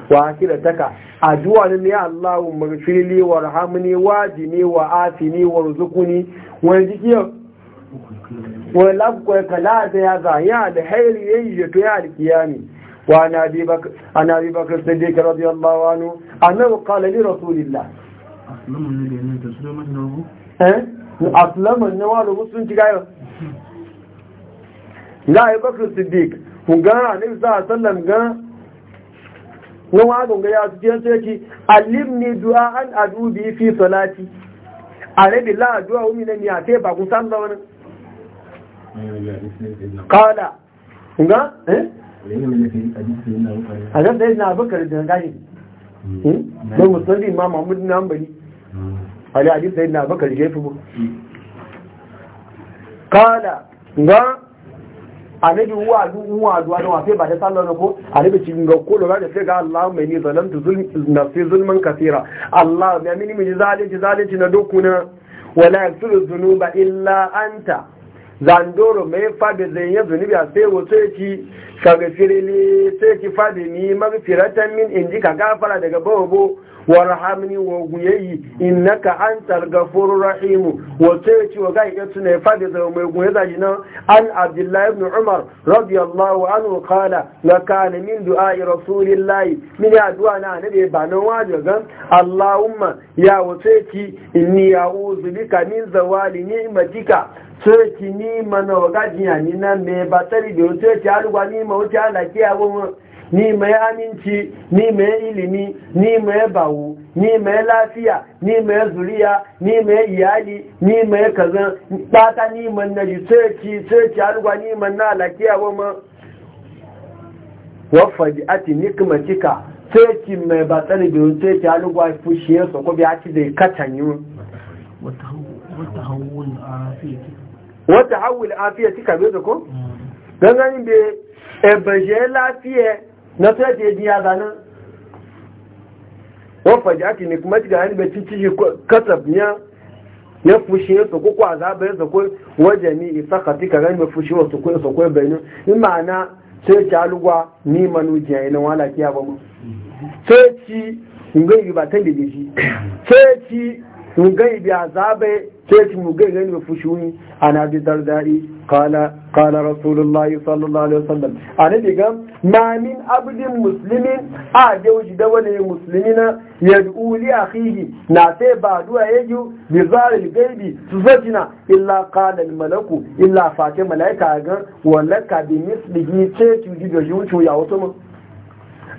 wa akhirataka addu'a ne ya Allahu magfirli warhamni wajini wa afini warzuqni wani jikiya wani labkwai kala da ya da alhairi yayi ya to ya alkiyami wa ana bi anabi bak bi bakr radiyallahu anhu annahu qala li rasulillah aslama ne wa da musulunci eh? gayo la ibakr siddiq kun ga annabi sallallahu alaihi ga mun hagun ga ya fiye su an fi a rabi annabi wa duwa duwa da sai ba ta sallar ko annabi cikin ga ko lura da sai ga Allah mai ni zalamtu nafsi Allah ya mini mini zalunci zalunci na dokuna wala yaghfiru dhunuba illa anta zandoro mai fadi zai yi zunubi a sai sai ki ci firili sai ki fada ni magfiratan min in ji ka gafara daga bawo warhamni wa guyayi innaka antal ghafurur rahim wa sai ki wa ga ya fadi zai mai guye da jina an abdullahi ibn umar radiyallahu anhu qala la kana min du'a'i rasulillahi min addu'a na annabi ba nan waje gan allahumma ya wa sai ki inni ya'udhu bika min zawali ni'matika tsoci ni mana waga jiya ni na me ba tsari da yau ni ma wuce alaƙi a ni mai aminci ni mai ilimi ni mai bawu ni mai lafiya ni mai zuriya ni mai iyali ni mai kazan ɓata ni man na ji tsoci tsoci ni man na alaƙi a wafa ji ati nikmatika tsoci mai ba tsari da yau tsoci a ci zai katanyi wata hau wata hau wani a wata hawul afiya ti kame da ko ganganin da ebeje lafiya na soje ji zanen wafa ji ake ne kuma jiga hannu ci ciki kasaf ya ya fushi ya soko ko azaba ya soko waje ni isa ka tika gani mai fushi wa soko ya soko ya e ma'ana sai ci alugwa ni manu jiya wala kiya ba sai ci ba ta sai ci mugai bi azabe sai mugai gani ba fushuni ana bi dardari qala qala rasulullah sallallahu alaihi wasallam ana diga ma min abdin muslimin a je wuji da wani muslimina yad'u a akhihi na sai ba duwa yaju bi zalil gaibi tufatina illa qala malaku illa fatima malaika ga wallaka bi mislihi sai tuji da juju ya wato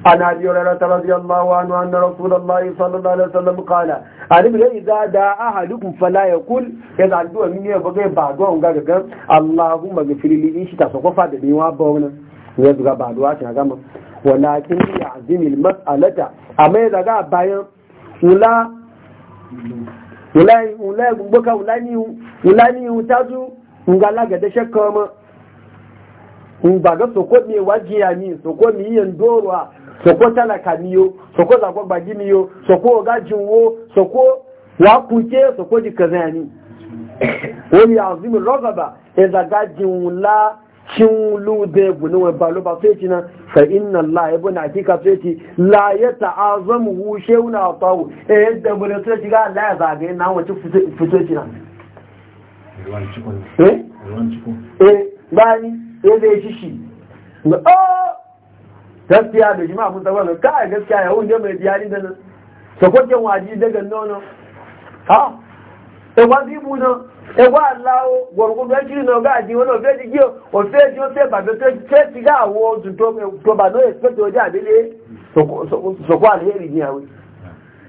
عن أبي هريرة رضي الله عنه أن رسول الله صلى الله عليه وسلم قال أعلم إذا دعا أحدكم فلا يقول إذا عنده من يبغي بعضهم قال اللهم اغفر لي إن شئت سوف أدعي وأبونا ويبغى بعضها شنو ولكن يعزم المسألة أما إذا قال بايا ولا ولا ولا بكا ولا نيو ولا نيو تازو ngala ga da shakka ma in ba ga sokon ne wajiya ni sokon ni yan dorwa soko talaka ni yo soko zagon bagi ni yo soko gajin wo soko wakunke soko jikaza ni wani azimin rogaba ya zaga jinwula cinlu da gudun wani balo ba sai ci nan fa inna Allah ya buna hakika sai ci la ya ta'azamu hu shewna tawu eh yadda bune sai ci ga Allah ya zagaye na wace fito ci nan eh eh bani ya zai shi shi gaskiya da jima'a mun tsawon ka a gaskiya ya wunde mai biyari da nan sakwajen waji daga nono ha ẹgbà bíbù náà ẹgbà aláwọ gbọ̀rùgbọ̀n méjì náà gáà jí wọn òfé ti gíọ òfé tí ó fẹ́ bàbẹ́ tó fẹ́ ti gáà wọ tuntun tó bà náà èsì pẹ́tẹ́ ọjọ́ àbílẹ̀ sọkọ́ àlẹ́ èrì ní àwẹ̀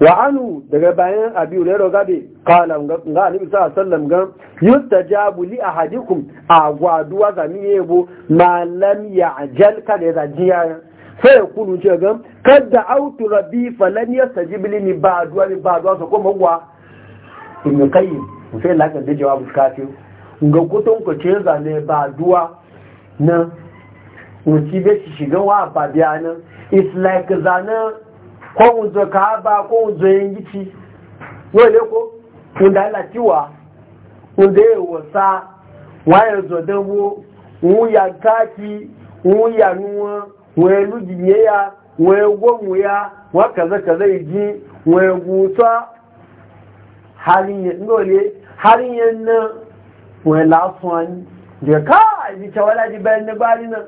wa anu daga bayan abiyu ulero gabe kala ga annabi sa sallam wasallam ga jabu li ahadikum agwaduwa zamiye bo ma lam ya'jal ka da zajiya sai ya kunu ce ga kadda autu rabbi falan yastajib li ni ba'duwa a ba'duwa so kuma gwa in kai sai la ka da jawabu kafi ga kutun ku ce zane ba'duwa na wuci be shi shiga wa babiya nan it's like zanan ko wuzo kaaba ko wuzo yengiti wele ko unda la tiwa unde wosa waye zo dewo uya kaki uya nuwa welu jinyeya wego muya wakaza kaza iji wegusa haliye ngole haliye na wela fun je ka ji tawala ji bayan bari na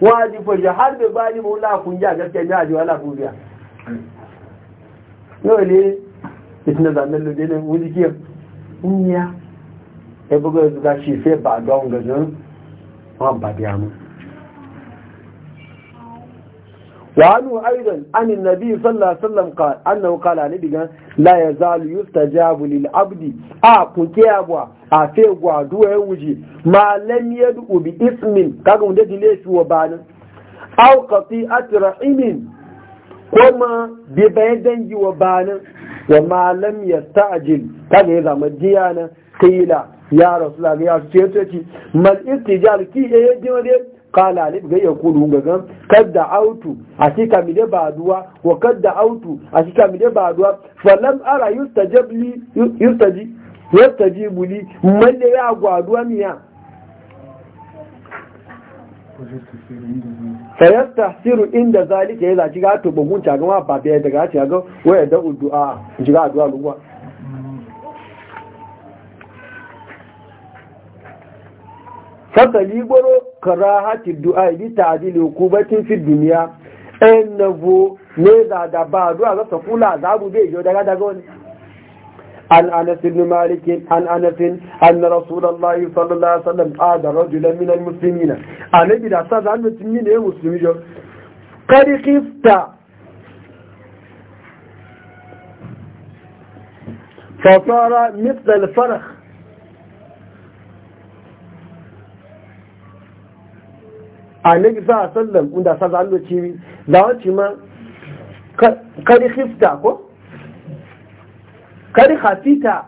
waji fo je har be bari mu la kun ja gaskiya ja ji wala kun biya yóò ní ìtìnà ìdàmẹ́ ló dé ní wíjíkíẹ̀ ní a ẹgbẹ́gbẹ́ ìzúgbà ṣe fẹ́ bà dọ́wọ́n gẹ̀ẹ́sán wọ́n bà dí àmú wàánù ayúdàn ánì nàbí sọ́lọ̀sọ́lọ̀mkà Koma bi bayan dangi wa banin wa malam ya ta'ajil kaga ya zama diya nan kila ya rasu da ya ce ce ci mal istijal ki ya yi diwa ne kala alif ga yakulu gagan kadda autu a shika mi da baduwa wa kadda autu a shika mi da baduwa falam ara yustajib li yustaji li man ya gwaduwa miya siru inda zalika ya zaci gato bugun cagan wa ba biya daga ci ga waya da addu'a ji ga addu'a lugwa fata liboro karahati du'a bi ta'dil hukumatin fi dunya annabu ne da da ba addu'a ga sakula zabu bai yo daga daga wani عن أنس بن مالك عن أنس أن رسول الله صلى الله عليه وسلم آذى رجلا من المسلمين أنا بلا أستاذ عن المسلمين يا مسلمين قد خفت فصار مثل الفرخ annabi sa sallam inda sa zalo ci da wace ma kari khifta ko kari hafita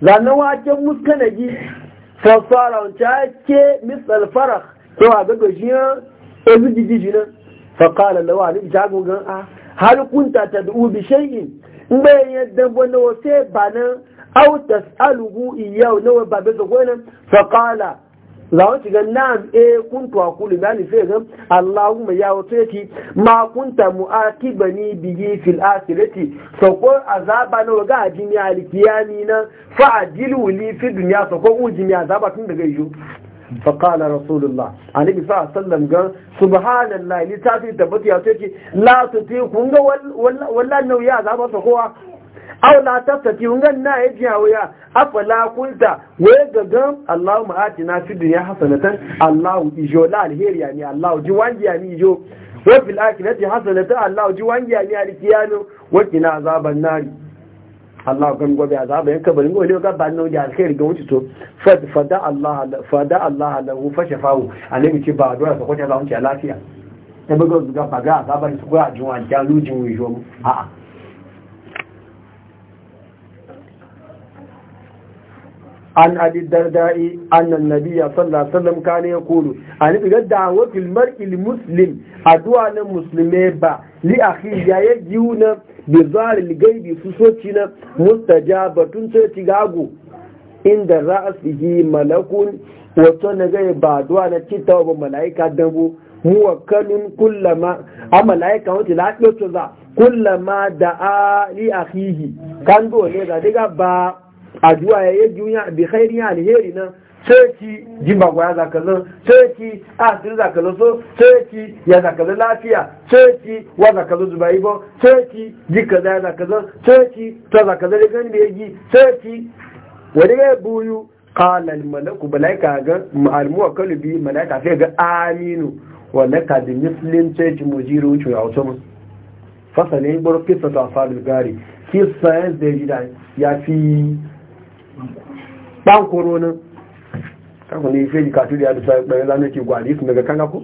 zanen waken muskanagi fasara wance ake misal farah cewa ga gajiyar ezu jijiji nan fakala da wani jagogan a ah, har kunta ta da ubi shayin in bayan yadda wani wasu ba nan autas alubu iyau na wani babu zagonan fakala za wuce ga nan Eh, kuntu a kulu da ni sai ga Allahumma ya wato yake ma kunta mu'aqibani bihi fil akhirati fa ko azaba na waga ajini alkiyami na fa ajilu li fi dunya fa ko ujini azaba tun daga yiwu fa qala rasulullah alayhi sallam ga subhanallahi litafi tabbati ya sai ki la tuti kunga wallahi nau ya azaba fa kowa aw la tafsati ngan na yaji awaya afala kunta waye gagan Allahumma atina fid dunya hasanatan Allahu ijola alheri yani Allahu ji wangi yani ijo wa fil akhirati hasanatan Allahu ji wangi yani alkiyano wa kina azaban nari Allahu kan gobe azaba yan kabarin gobe ga ban nauyi alkhairi ga wuce to fada Allah fada Allah lahu fa shafahu annabi ce ba dora sa kwata za mu ci lafiya Ta buga zuga faga azaban su ko a juwan ja lujin wujo a'a an abi dardai annan nabiya sallallahu alaihi wasallam kana ya kulu an iga dawo fil mar'il muslim addu'a na muslime ba li akhi ya yajiuna bi zalil gaibi su soci na mustajabatun soci gago inda ra'sihi malakun wato na ga ba addu'a na cita ba malaika dabo muwakkalun kullama a malaika wato la za kullama da'a li akhihi kan ne da diga ba addu'a ya yi duniya bi khairi ya alheri nan sai ki jin bagwa ya zakazan sai ki sun zakazan so sai ki ya zakazan lafiya sai ki wa zakazan zuba ba sai ki ji kaza ya zakazan sai ki ta zakazan da gani da yi sai ki wani ya buyu qala malaku malaika ga al muwakkal bi malaika sai ga aminu wanda ka bi mislin sai ki mujiru wuce ya wuce mu fasalin burkisa ta fadil gari kisa yanzu da ya fi ban korona kan ne sai ka tudi da sai bayan zan ke gwari su daga kanga ko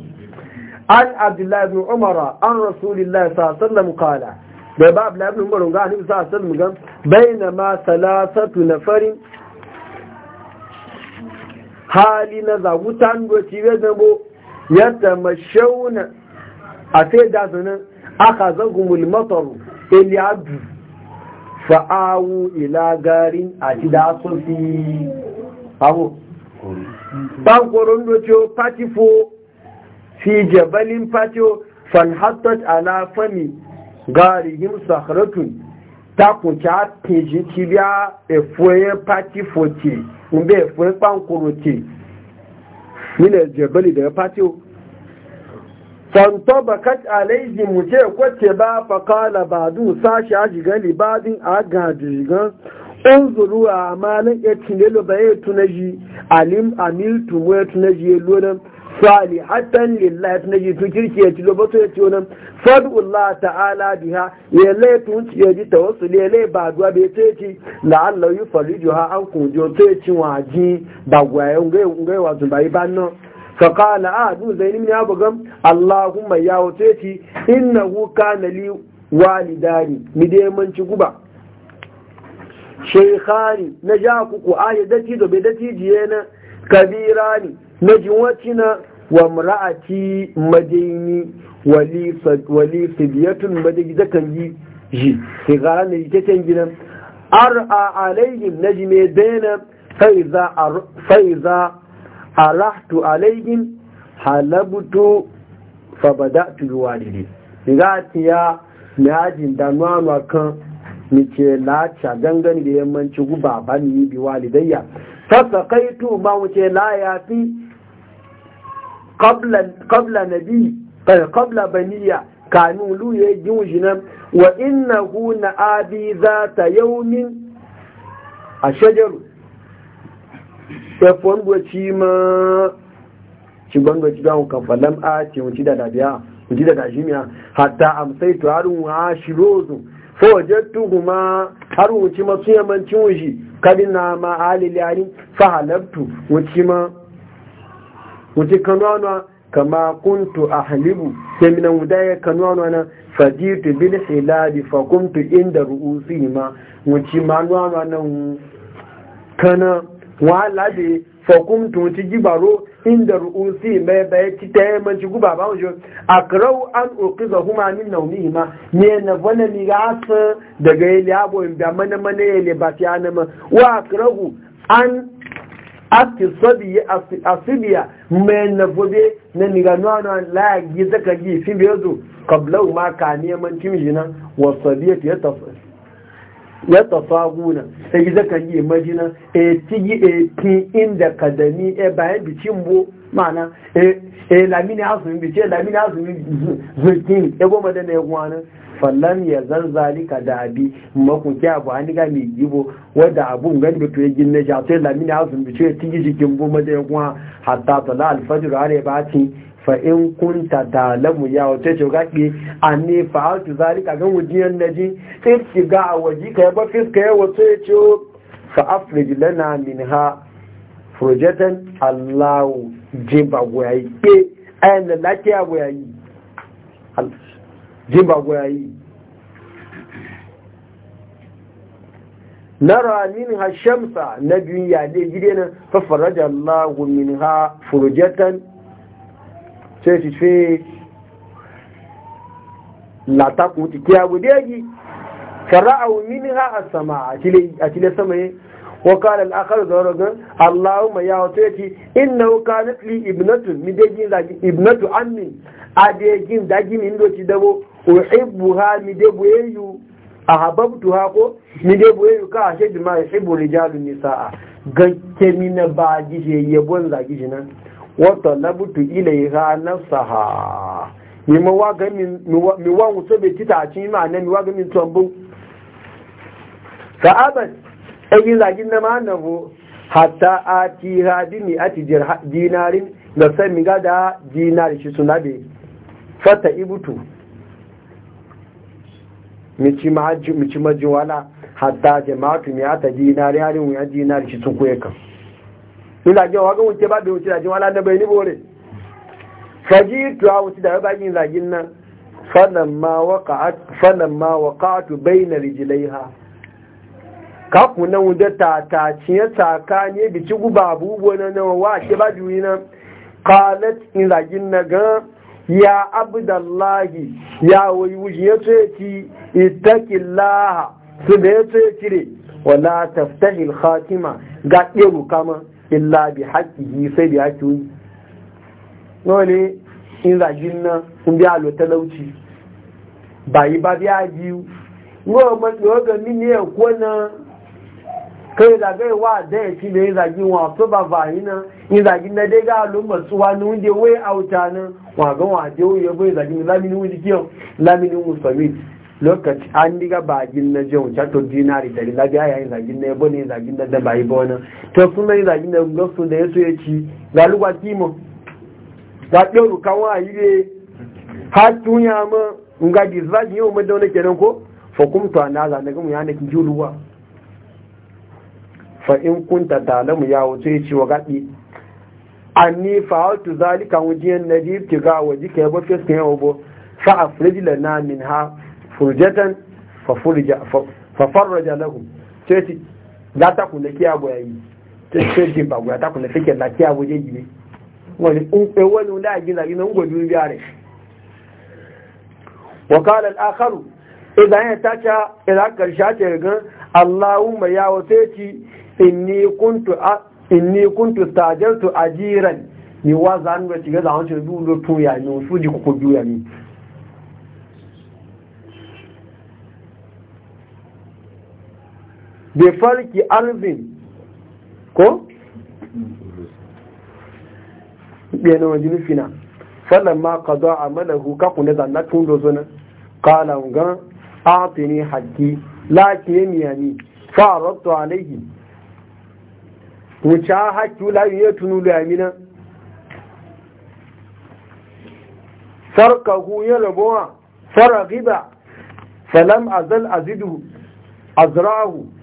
an abdullahi ibn umara an rasulullahi sallallahu alaihi wasallam qala da ba abdullahi ibn umara ga annabi sallallahu alaihi wasallam gan bainama thalathatu nafarin hali na zagutan goci be bo yadda mashawna a sai da sunan aka zagumul matar iliyadu fa'awu ila garin a ti da sun fi hawo abu bankoron doce patifo fi jabalin patio fanhattat ala fami garihim sakharatun ta ki a teji ti bi a efoye patifo ti n bɛ efoye ce ti nílẹ̀ jẹ̀bẹ́lì daga patio fanto bakat alaihi mu ce kwace ba fakala ba du sashi a libadin a ga jigan in zuru a amalin ya cinye lo tuna ji alim amil mu ya tuna ji ya lonan salihatan lillahi ya tuna ji tun kirki ya ci ya ci wani fadullah ta'ala biha ya lai ci ya ji tawassul ya lai ba duwa bai ta ci an ta ci ba nan فقال آدو زين من أبو غم اللهم يا وتيتي إنه كان لي والداني مدي من شكوبا شيخاني نجاكوكو آية دتي دو بدتي جينا كبيراني نجواتنا وامرأتي مديني ولي ولي فدية مدي زكنجي جي شيخاني يتتن جنا أرأى عليهم نجمي دينا فإذا, فإذا alahtu alaihim halabtu fa bada'tu biwalidi rigati ya lajin da nwanwa kan nike lacha gangan da yammanci guba baba ni walidayya fa kaitu ma wuce la ya fi qabla nabi eh, qabla baniya kanu lu ya jinjina wa innahu na abi zata yawmin a shajaru efon gwaci ma ci gwan gwaci ga hukan falon a ce wuci da dabiya wuci da dashimiya hatta amsai to harin wa shi rozu fawajattu kuma har wuci ma su yamancin wuci na ma aliliyari fahalabtu wuci ma wuci kanwanwa kama kuntu ahlibu sai minan wudaya kanwanwa na fajitu bil hilabi fa kuntu inda ru'usi ma wuci ma nwanwa nan kana wọ́n fọkún tó ti jígbàró inda ru'usi mai bai ti taimanci guba ba wajen akarau an okiza huma min nauni ma ne na vana ni gasa daga yale abu in biya mana mana yale ba fi ana ma wa akarau an ati sabi asibiya mai na fobe na ni ga nuna zaka fi kablau ma ka neman cimjina wasu biya ya tafa guna sai yi zaka yi majina e tigi a e ti inda kadami a e bayan bicin bo mana a e, lamini azumi bice lamini azumi zurkin ya goma da na ya gwanin fallan ya ka da abi makon kya ba an ga mai gibo wadda abun gani bato ya gina a sai lamini azumi bice tigi jikin bo ma da ya gwa hatta tala alfajir har ya ci Fa in kunta da lamu ya wata ce gaɓe a ne zari ka gan wujiyar naji tsirki ga a waji ka yaba fiska ya wato ya ce fa'afrij lana min ha projectan allahu jimba goyayi ke ayan da lafiya goyayi jimba goyayi nara min ha shamsa na biyu yade gidanan faffarajar allahu min ha projectan ṣe ti ṣe latakun ti kiya gude yi fara'au minha as-sama a sama ne wa qala al-akhar zawraga allahumma ya wato yace innahu kanat li ibnatu mi degin zagi ibnatu ammi adegin dagi min do ci dabo uhibbuha mi debo yayu ha ko mi debo yayu ka ashe bi ma yuhibbu nisaa ba wata labutu ilaiha nafsaha mi mo wa ga mi mi wa mu sobe tita cin ma ne mi wa ga mi tombo ka abad ayi zagin na ma bu hatta atiha bi mi ati dinarin da sai mi gada dinari shi suna be fata ibutu mi ci ma mi ci ma wala hatta jama'atu mi ata dinari harin wa dinari shi sun kuye kan ìlàjẹ́ ọ̀gá oúnjẹ bá bẹ̀rù ti ràjẹ́ wọn aládẹ́bẹ̀ níbò rẹ̀ fàjí ìtò àwọn ti dàrẹ́ báyìí ìlàjẹ́ náà fanamma wakaatu bayna rijlaiha kaku na wunde ta ciye tsaka ne biki guba abubuwa na nawa wa ke ba biyu nan? qalat in lagin na ga ya abdullahi ya wayi wuji ya ce ki ittaqillaha su da ya ce kire wala taftahi al-khatima ga iru kama illa bi haƙƙihi sai bi haƙƙi wani in rajin nan sun biya lo talauci ba yi ba biya biyu wọ́n mọ̀ tí ó gẹ̀mí ní ẹ̀kọ́ náà kai zagaye wa da ya ci da ya zagi wasu ba bayi nan in zagi na dai ga al'umma Wa wani wunde wai auta nan wagon wa je wuye bai zagi lamini wuji kiyan lamini musamman lokaci an diga bagin na jan wuce to dinari dari labiya yayin zagin na yabo ne zagin na da bayi bona to sun mai zagin na gosu da ya so ya ci ga lugwa timo ga ɗoru kawo a yi ne har tunya ma ga gizrajin yau mai dauna kenan ko fa to an za na gamu ya na kinji ruwa fa in kunta mu ya wuce ya ci wa gaɗi ni fa hautu zalika wujiyan najib tiga wa jika yabo fiska yau bo fa min ha. furjatan fafarraja lahum sai ci za ta kula kiya goyayi ta ce ce ba goya ta kula fike da kiya goje gibe wani in kai eh, wani da gina gina ngo dun biya re. wa qala al-akhar idan ya tacha idan karsha ta rigan Allahumma ya wace ci inni kuntu inni kuntu stajaltu ajiran ni wazan ga ci ga zawon ci dulo ya ni su ji ku ku biya ni bai farki alvin ko? bai na wajen fina falon ma ka zo a malahu kakun da tun da zunan kalan gan atini haƙƙi laki ya miyani fa'arabtu alaihi wuce haƙƙi lafi ya tunu da sarkahu ya rabuwa faragiba falam azal azidu azrahu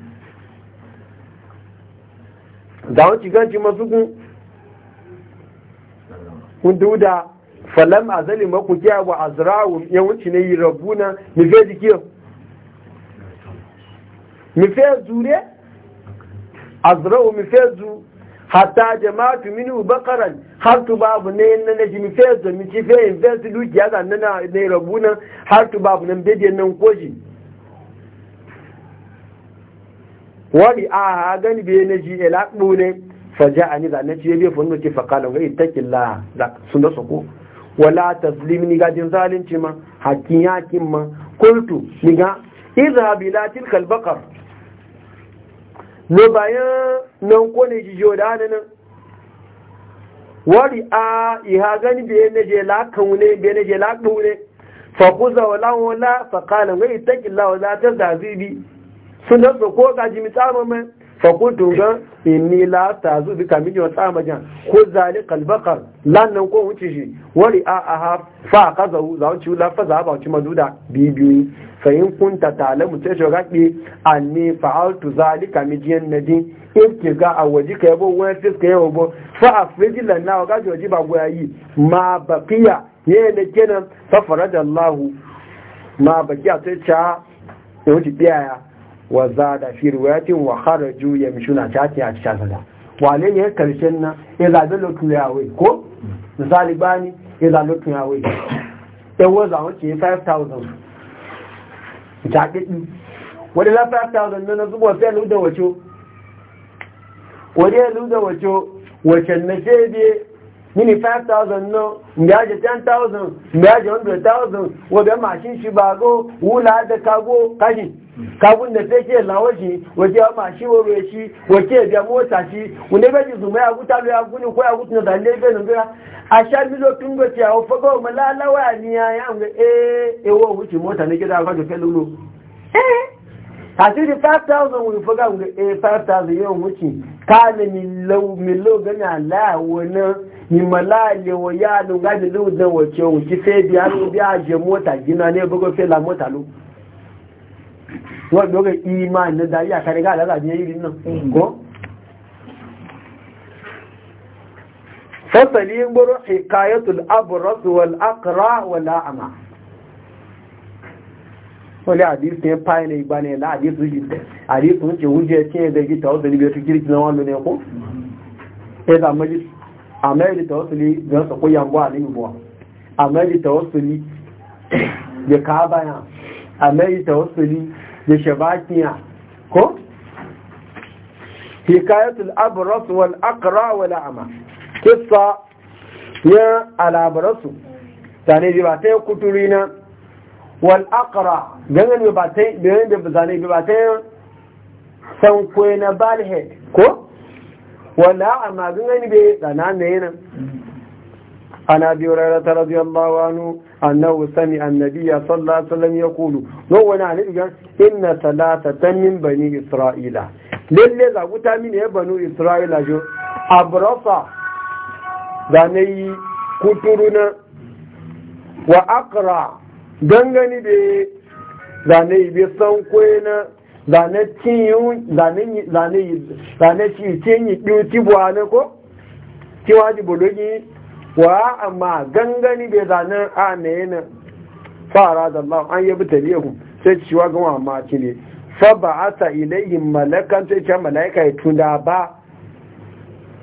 da wanci ganci masu kun kun duda falam a zali maku kiya wa azra'u yawanci ne yi rabuna mife jikiyo mife zure azra'u mife zu hatta jama'atu minu bakaran har tu babu ne na na ji mife zu mi ci fe su dukiya ga nana ne rabuna har tu babu nan bediyan nan koji wani a ha gani biye na ji ila e ɗune faja a ni zane ci yabe funu ke fakala ga itakin la da sun da soko wala taslim ni ga jin zalunci ma hakin yakin ma kultu ni ga idha bila tilkal baqar no bayan nan ko ne jijo da nan wari a iha gani biye na je la kaune biye na je la ɗune fa kuza wala wala fakala ga itakin la wala ta zazibi sun da su ko gaji mi tsama mai fakultu ga inni la ta zu bi tsama jan ko zali kalbakar lannan ko wuce shi wari a a ha fa ka zau za wuce la fa za ba wuce maduda bibiyoyi fa in kunta talamu sai shi gaɗe anni fa'altu zali kamin jiyan nadin in ga a waje ka yabo wani fiska yabo bo fa a fiji lanna wa gaji waje ba goya yi, ma baqiya yana kenan fa farada Allah ma baqiya sai ta wuce ya. wa da fi riwayatin wa kharaju yamshuna chati a cikin sada wale ne karshen nan ya zabe lotu yawe ko misali bani ya zabe lotu yawe ya waza wace 5000 ta kidi wani la 5000 nan na zuwa sai lu da wace wani lu da wace wace na shebe mini 5,000 no mbiaje 10,000 mbiaje 100,000 wabe mashin shi bago wula da kago kashi kagun da sai ke lawa waje ya shi wabe shi waje ya mota shi wanda gaji zuma ya guta ya guni ko ya gutu na zalle bai nan gaya a sha milo tun ga ciya wa fago ma ni ya ya eh mota ne gida eh 5,000 eh 5,000 ka ne ìmọ̀láàlẹ̀ wọ̀ lu ló gáàdì ló dán wọ̀ tí ohun tí bi bí arúgbó bí àjẹ mọ́tà jìnnà ní ọgbọ́gbọ́ fe la mọ́tà ló wọ́n gbọ́gbọ́ ìmọ̀ ànádà yà kárẹ́gà àlàlà ní ẹ̀yìn náà kọ́ fọ́sẹ̀lì ń gbọ́rọ̀ ìkáyọ̀tù àbùrọ̀sù wọ̀l àkàrà wọ̀l àmà wọ́n lé àdìsù yẹn páyìn ní ìgbani ẹ̀ láàdìsù yìí àdìsù ń ti wújẹ tí ẹ̀ bẹ́ẹ̀ níbi ẹ̀ fi kiri ti lónìí ẹ̀kọ́ ẹ̀ amẹ́rì tọ́sílì gan sọ̀kọ́ yàngbọ́ àníbùbọ̀ amẹ́rì tọ́sílì da kabaya amẹ́rì tọ́sílì da shabakiya ko? hikayatul abrasu wal akra wal ama Kisa ya al'abrasu zane bi ba ta yi kuturi na wal akara ganin bi ba ta yi zane bi ba ta yi sankwai na balhead ko? wanda amma gun gani be dana ne yana an abi rara ta rabi Allah wa nu annahu sami annabi ya sallallahu alaihi wasallam ya kulu no wani an idan inna salata ta min bani isra'ila lalle za ku ta min ya banu isra'ila jo abrafa da ne kuturuna wa aqra gangani gani da ne bi na. zane ci cinyi ɗin tibuwa ne ko? cewa ji bulogi wa amma gangani bai zane a mai na fara da Allah an yi bi tabiya ku sai ci gama amma ci ne fa ba a sa ilayin malakan sai can malaika ya tuna ba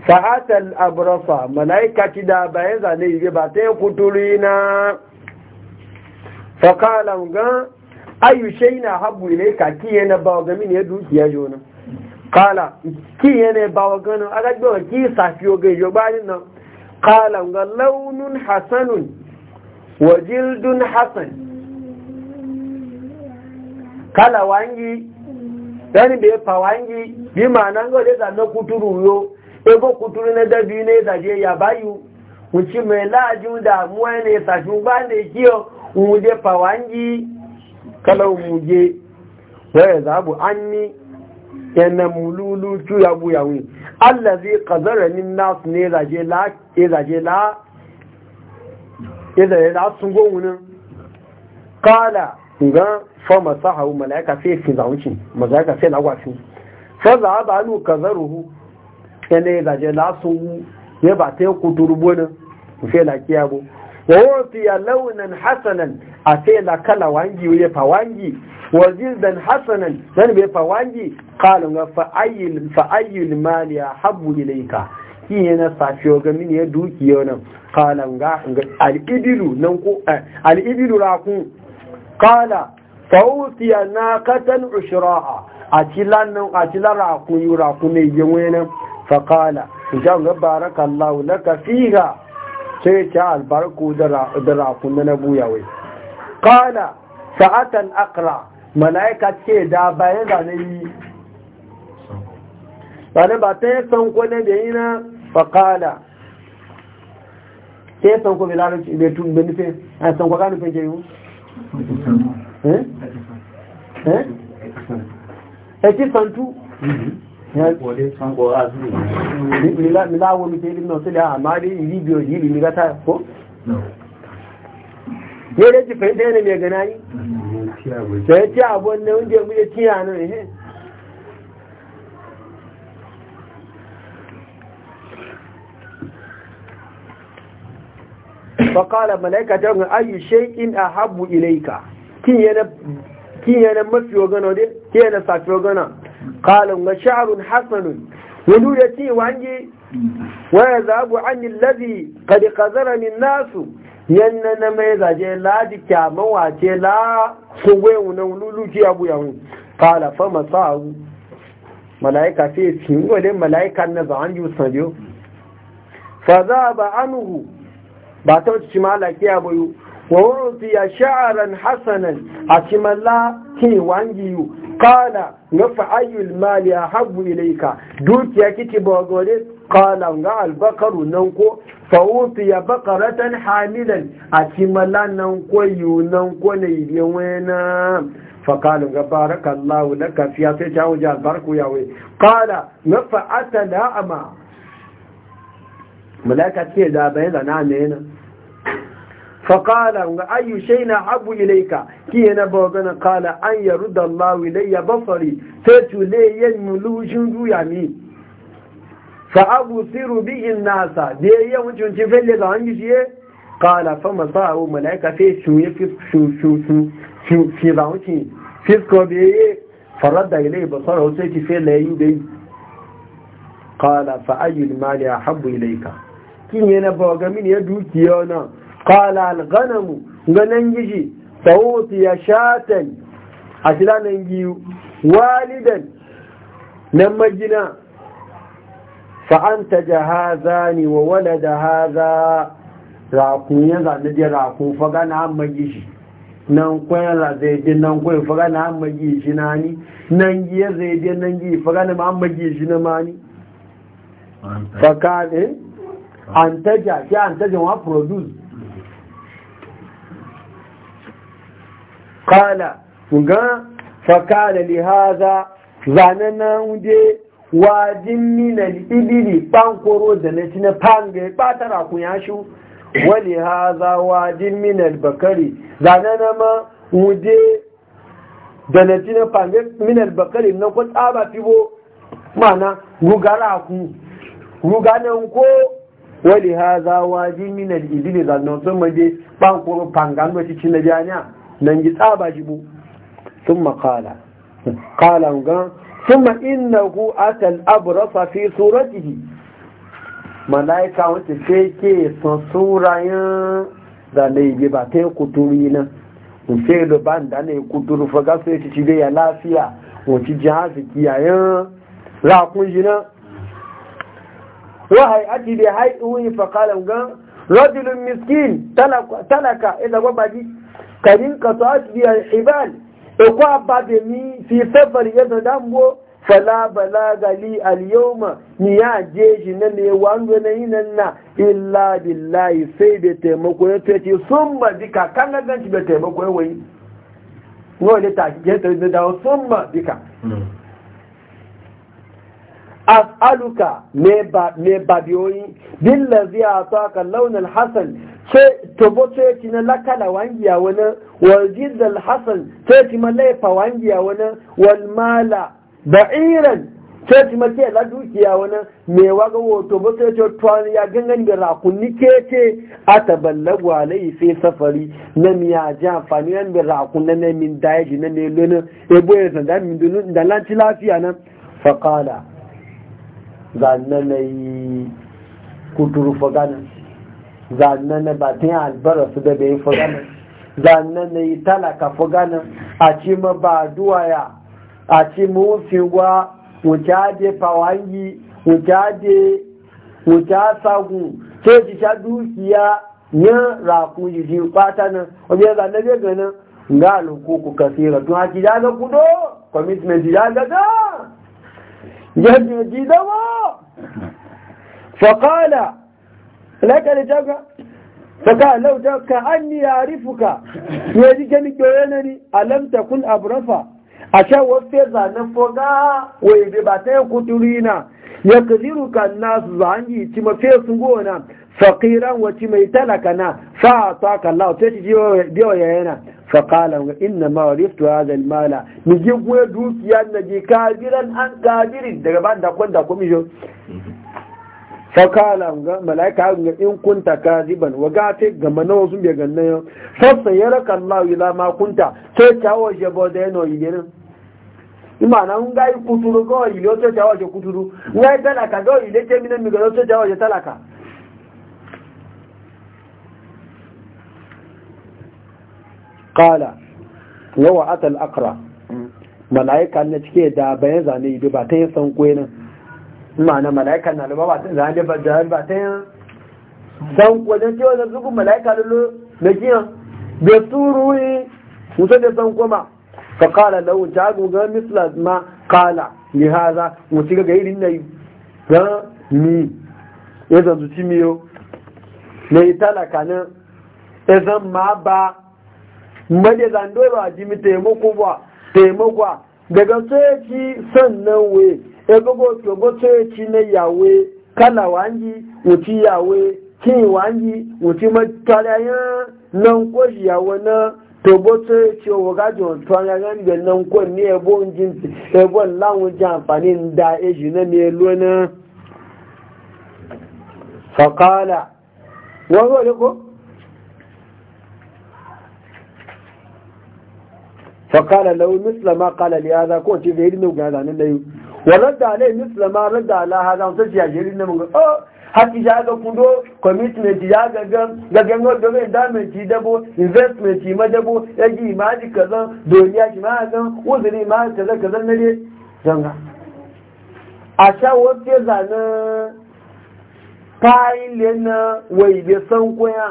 sa'atal abrafa malaika ci da bayan zane yi ba ta yi kuturi na fakalan gan ayu shaina habu ka kiye na bawa gami ne dukiya na kala kiye ne bawa gano aga gbe ki safiyo ga yo ba ni na kala ga launun hasanun wa jildun hasan kala wangi dani be pa wangi bi na go za na kuturu yo go kuturu na da bi ne da je ya bayu wuci mai lajin damuwa ne safiyo ba ne kiyo je pa wangi kalau muje waya zabu anni yana mululu ju ya bu yawi allazi min nas ne zaje la e zaje la e zaje la sun go wuna qala ga fa masahu malaika fi fi zawuci malaika fi lagwa fi fa ba anu qadaruhu yana e zaje la sun ya ba ta kuturu bona fi lakiya bo wa wufiya launin hasanan a sai la kala wangi ya fa wangi wa jildan hasanan dan bai fa wangi qalu ga fa ayyul fa ayyul mali habbu ilayka kiye na safiyo ga mini ya dukiyo nan qalu ga al-ibilu nan ko al-ibilu rakun qala fa utiya naqatan ushraha a a cilan rakun yura kun ne yin wena fa qala ja ga barakallahu laka sai ya albarku da rakun na wai. kala sa'atan akra mala'ika ce da bayan zane yi ba ta yi sanko na da yi na fakala ke sanko mai mai tun da nufin a sanko ka nufin ke yi eh? eh? miláwó mi tẹ́lẹ̀ náà sílẹ̀ àmárí ìlíbi òjì ìlú nígbàtà kó yẹ́rẹ́ ti fẹ́ tẹ́lẹ̀ mẹ́ gẹ̀nà yí tẹ́ẹ̀ tí ní oúnjẹ tí ayù ṣe in a e ilẹ̀ kí قالوا وشعر حسن ولويتي وانجي ويذهب عني الذي قد قذرني الناس yanna na mai zaje ladi kyaman wace la sun gwe wunan luluki abu yawon kala fa masu malaika sai cin gole malaika na zaman yi sanjo fa za ba anuhu ba ta wuce shi malaki abu wawuti ya sha'aran hasanan a cimalla ke wangi yi kala na fa'ayyul mali a habu ilaika duk ya kiki bagore kala nga albakaru nan ko fawuti ya bakaratan hamilan a cimalla nan koyo nan kone ibe wena fakalin gabarakan lawu na kafi ya sai ta wujar barku yawe kala na fa'ata da'ama mulaka ce da bayan zana fakala nga ayu shai na abu ilaika ki yana ba wa kala an ya ruda lawi lai ya bafari sai tule yan mulushin ruya mi fa abu siru bi in nasa da ya wancan cin felle ga hangi shi kala fa masu awo malaika sai shu ya fi shu shu shu shu shi ba wancan fisko bi ya yi da ci felle yi dai kala fa ayu limali a habu ilaika kin yana ba wa ya dukiya nan قال الغنم ghanam ganan giji sauti ya shatan a nan giyu walidan nan majina fa anta jahazani wa walada hadha nan kwaya la zai nan fa magi shi na ni nan giye nan gi fa na ma magi shi na ma ni fa ka ne antaja ki taja wa produce kala ga fakala li haza zanen na wuje wajin mina ibili bankoro da na ci na fanga ya ku ya shu wali haza wajin mina bakari zanen ma wuje da na ci na fanga mina bakari na ku tsaba fibo mana rugara ku ruganan ko wali haza wajin mina ibili zanen sun maje bankoro fanga ci na jami'a nan ji tsaba jibu sun makala kalan gan sun ma'ina hu atal aburasa fi suratihi mala'ika wata feke sun surayen da na yi ba ta yi kuturi nan nse da ba da na yi kuturu faga su ci ci ya lafiya wacce jihar su kiyayen rakun shi nan wahai ake da haiɗi fa fakalan gan rajulun miskin talaka idan gwabaji kadin ka to asbiyar hibal ko abba da mi fi safar yadda dambo fala bala gali al-yawma ni ya je shi na ne wando na yi nan na illa billahi sai da taimako ya ce summa dika kan ga ganci da taimako ya wai? no ne ta je ta da summa dika as'aluka me ba me ba biyoyi billazi ataka launal hasan sai tobo sai ci na lakala wangiya wani wal jizzal hasan sai ci ma laifa wangiya wani wal mala ba'iran sai ci ma ke la dukiya wani mai waga wa tobo sai ci tuwani ya gangan da rakunni ke ce a taballagu alayhi sai safari na miya ji amfani yan da rakun na min daji na ne lona ebo ya zanda min dunu da lanci lafiya nan faqala zanna yi kuturu fagana zannan na ba ta yi albara su da bai fugana zannan na yi talaka fugana a ci ma ba duwaya a ci ma mafi wa wuce ade fawangi wuce ade wuce asagu sai ci sha dukiya ya raku jiji kwata nan wajen ya zannan bai ganin ga aluku ku kasira tun haki ya ga kudo commitment ya ga da yadda ya ji dama faƙala laka da jaka saka lauta ka an yarifuka ya ji gani kyoyana ni alam kun abrafa a sha wasu zanen foga wai bi ba ta yi kuturi na ya kaziru kan nasu zangi ci mafi sun gona faƙiran wa mai talaka na fa ta lau ta ci biyo yana faƙala ga inna ma wariftu ya zai mala mi gwe dukiya na ji kabiran an kabirin daga ban da kuma fakala ga malaika ga in kunta kaziban wa ga ta ga mana wasu bai ganna yau sassa ya raka Allah ila ma kunta sai tawo je bo yana yi ne un ga kuturu go yi lo to tawo je kuturu wa dala ka do ile je mina mi go to tawo je talaka qala wa ata atal aqra hmm. malaika ne cike da bayan zane yi ba ta yin san koyi ma'ana mala'ika na lura ba tun zane ba jihar ba ta yin san wajen cewa da zukun mala'ika lullu na kiyan da turuwi musa da san kuma ka kala launin ta hagu ga mislas ma kala ni haza mutu ga irin na yi ga mi ya zanzu ci miyo na yi talaka nan ya ma ba made zandoro a jimi taimako ba taimako daga tsoyaki sannan wai ebogo tiogo na yawe kala wangi wuti yawe kin wangi wuti matarayen nan kwashi yawe na tobo tsoyeci wa gajin tarayen da nan kwan ne ebon jinsi ebon lawon ji amfani da eji na melo na fakala ko? fakala lau misla ma kala liya ko wa radda alai misla ma radda ala hada sai ya jeri ne mun ga oh haki ya ga kudo commitment ya ga ga ga ngo do mai damage dabo investment ma dabo yaji ma ji kaza doriya shi ma ga uzuri ma kaza kaza ne dai zanga a sha wace zana kayan lena wai bai san koya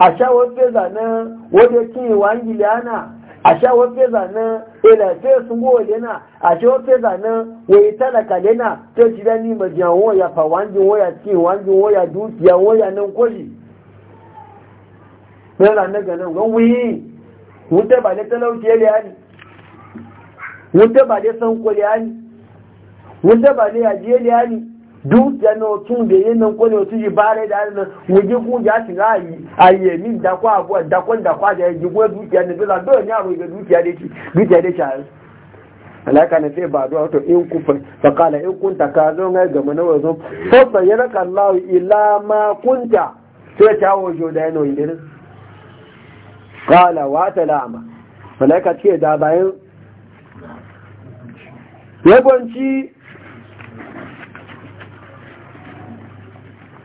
a sha wace zana wadda kin wangi lana A wa feza na ila fe sun go lena a wa feza na wai talaka lena to jida ni ma jan wo ya fa wanji waya ya ci waya du, ya waya wo ya nan koji mera na ga nan gon wi wuta ba le talauci ya yani wuta ba le san ko yani wuta ba le ajiye yani dúkìá na tún lè yé náà kó ní o tún yí báárẹ̀ dáa náà wọ́n jẹ́ kún yá sí ààyè mí ìdákọ́ na alaka na sai ba duwa to in ku fa kala in kun ta ka zo ngai gama na wazo fa bayyana kallahu ila ma kunta sai ta da kala ce da bayan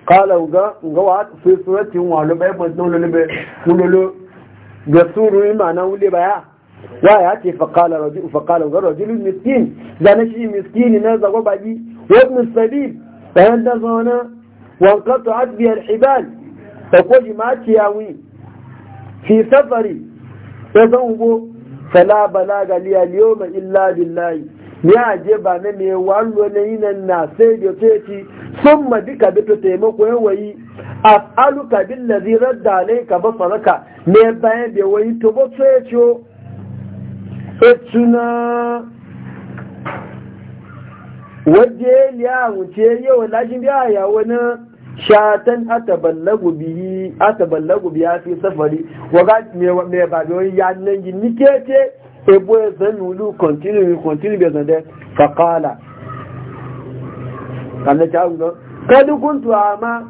kala ga ga wa fi surati wa lo bai ban don lo bai kulolo ga suru imana wule baya wa ya ce fa kala rajul fa kala ga rajul miskin zana shi miskini na zago baji wa ibn sabil bayan da zona wa qata'at bi al hibal ta ko jimaci yawi fi safari da zan ugo fala balaga liya yawma illa billahi ya je ba ne me wallo ne yinan na sai da ce sun ma duka bi taimako ya wayi a aluka bin lazirar da alaika ba saraka ne bayan bai wayi to ba so ya ciyo etuna waje liya wuce yau lajin biya ya wani shatan ataballagu biyi ataballagu biya fi safari waga mai ba biyoyi ya nan yi nike ce ebo ya san nulu continue continue bai zan dai fakala amma ta hunga kadu kuntu amma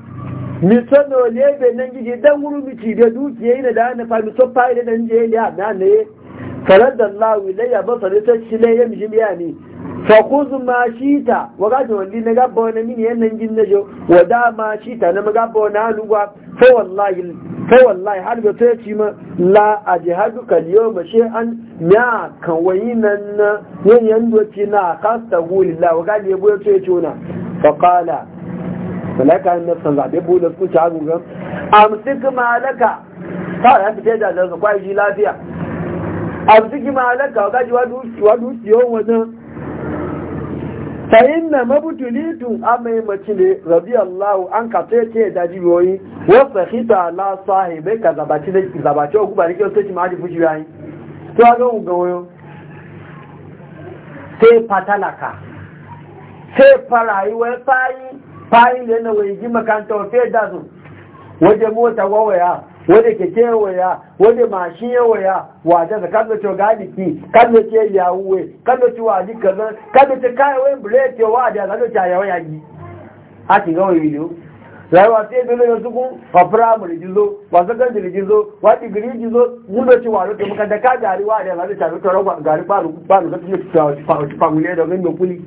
mi sano lebe nan gidi dan wuru mi ci da dukiya ina da na fa mi so fa ina dan je ya na ne faradda Allah ilayya basari ta ci ne ya shi ya ni fa ma ma ta wa ga wali na gabba wani mini yan nan gin jo wa da ma ta na magabba wani aluwa fa wallahi fa wallahi har ga ta ci ma la ajhaduka al-yawma shay'an ya kan nan yan yan doci na kasta la wa ga ne boye to ya ci faƙala malaka yin nafsan zaɓe bulan su ci hagu gan amsiki malaka ta ya fi taida da su kwaji lafiya amsiki malaka wa gaji wa dukiyon wajen ta yin na mabutulitun amai mace ne rabi allahu an ka ce ce da jibiyoyi wasu hita la sahibai ka zabaci da ki zabaci wa gubarin kyau sai ci ma fushi yayi to a ga ungawoyo sai patalaka. sai wai fayi fayi yana wai ji makanta wa fiye da su waje mota wawaya waje keke waya waje mashin waya waje da kan ce galiki kan ce yawuwe kan ce waji kaza kan ce kai wai brete wa da kan ce yawa yaji a ti ga wani video sai wa sai dole yanzu kun fa primary jizo wa secondary jizo wa degree jizo mun da ce waro ke ka gari wa da kan ce to ro gari ba ba ka ce ta fa fa ne da kuli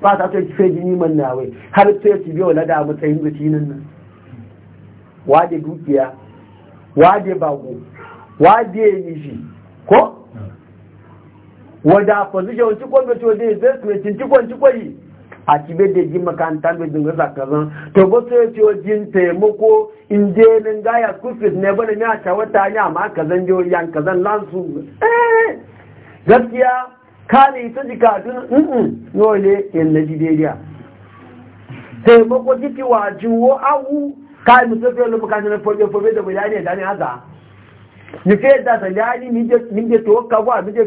ba ta ce sai jini man na wai har sai ci biyo lada da matsayin zuci nan nan wade dukiya wade bago wade nishi ko wada position ci ko to de investment ci ko ci ko yi a ci be da ji makanta da dinga zan to ba sai ci o jin taimako in je nan ga ya kufis ne bane ne a tawata ne amma kazan jo yan kazan lansu eh gaskiya kare ita yau ne yan na sai mako jiki wa jiwo awu kai mutum fiye lupu kan na fobe fobe da bayani ya dani haza ni fiye da ta salani ni je to ka wa ni je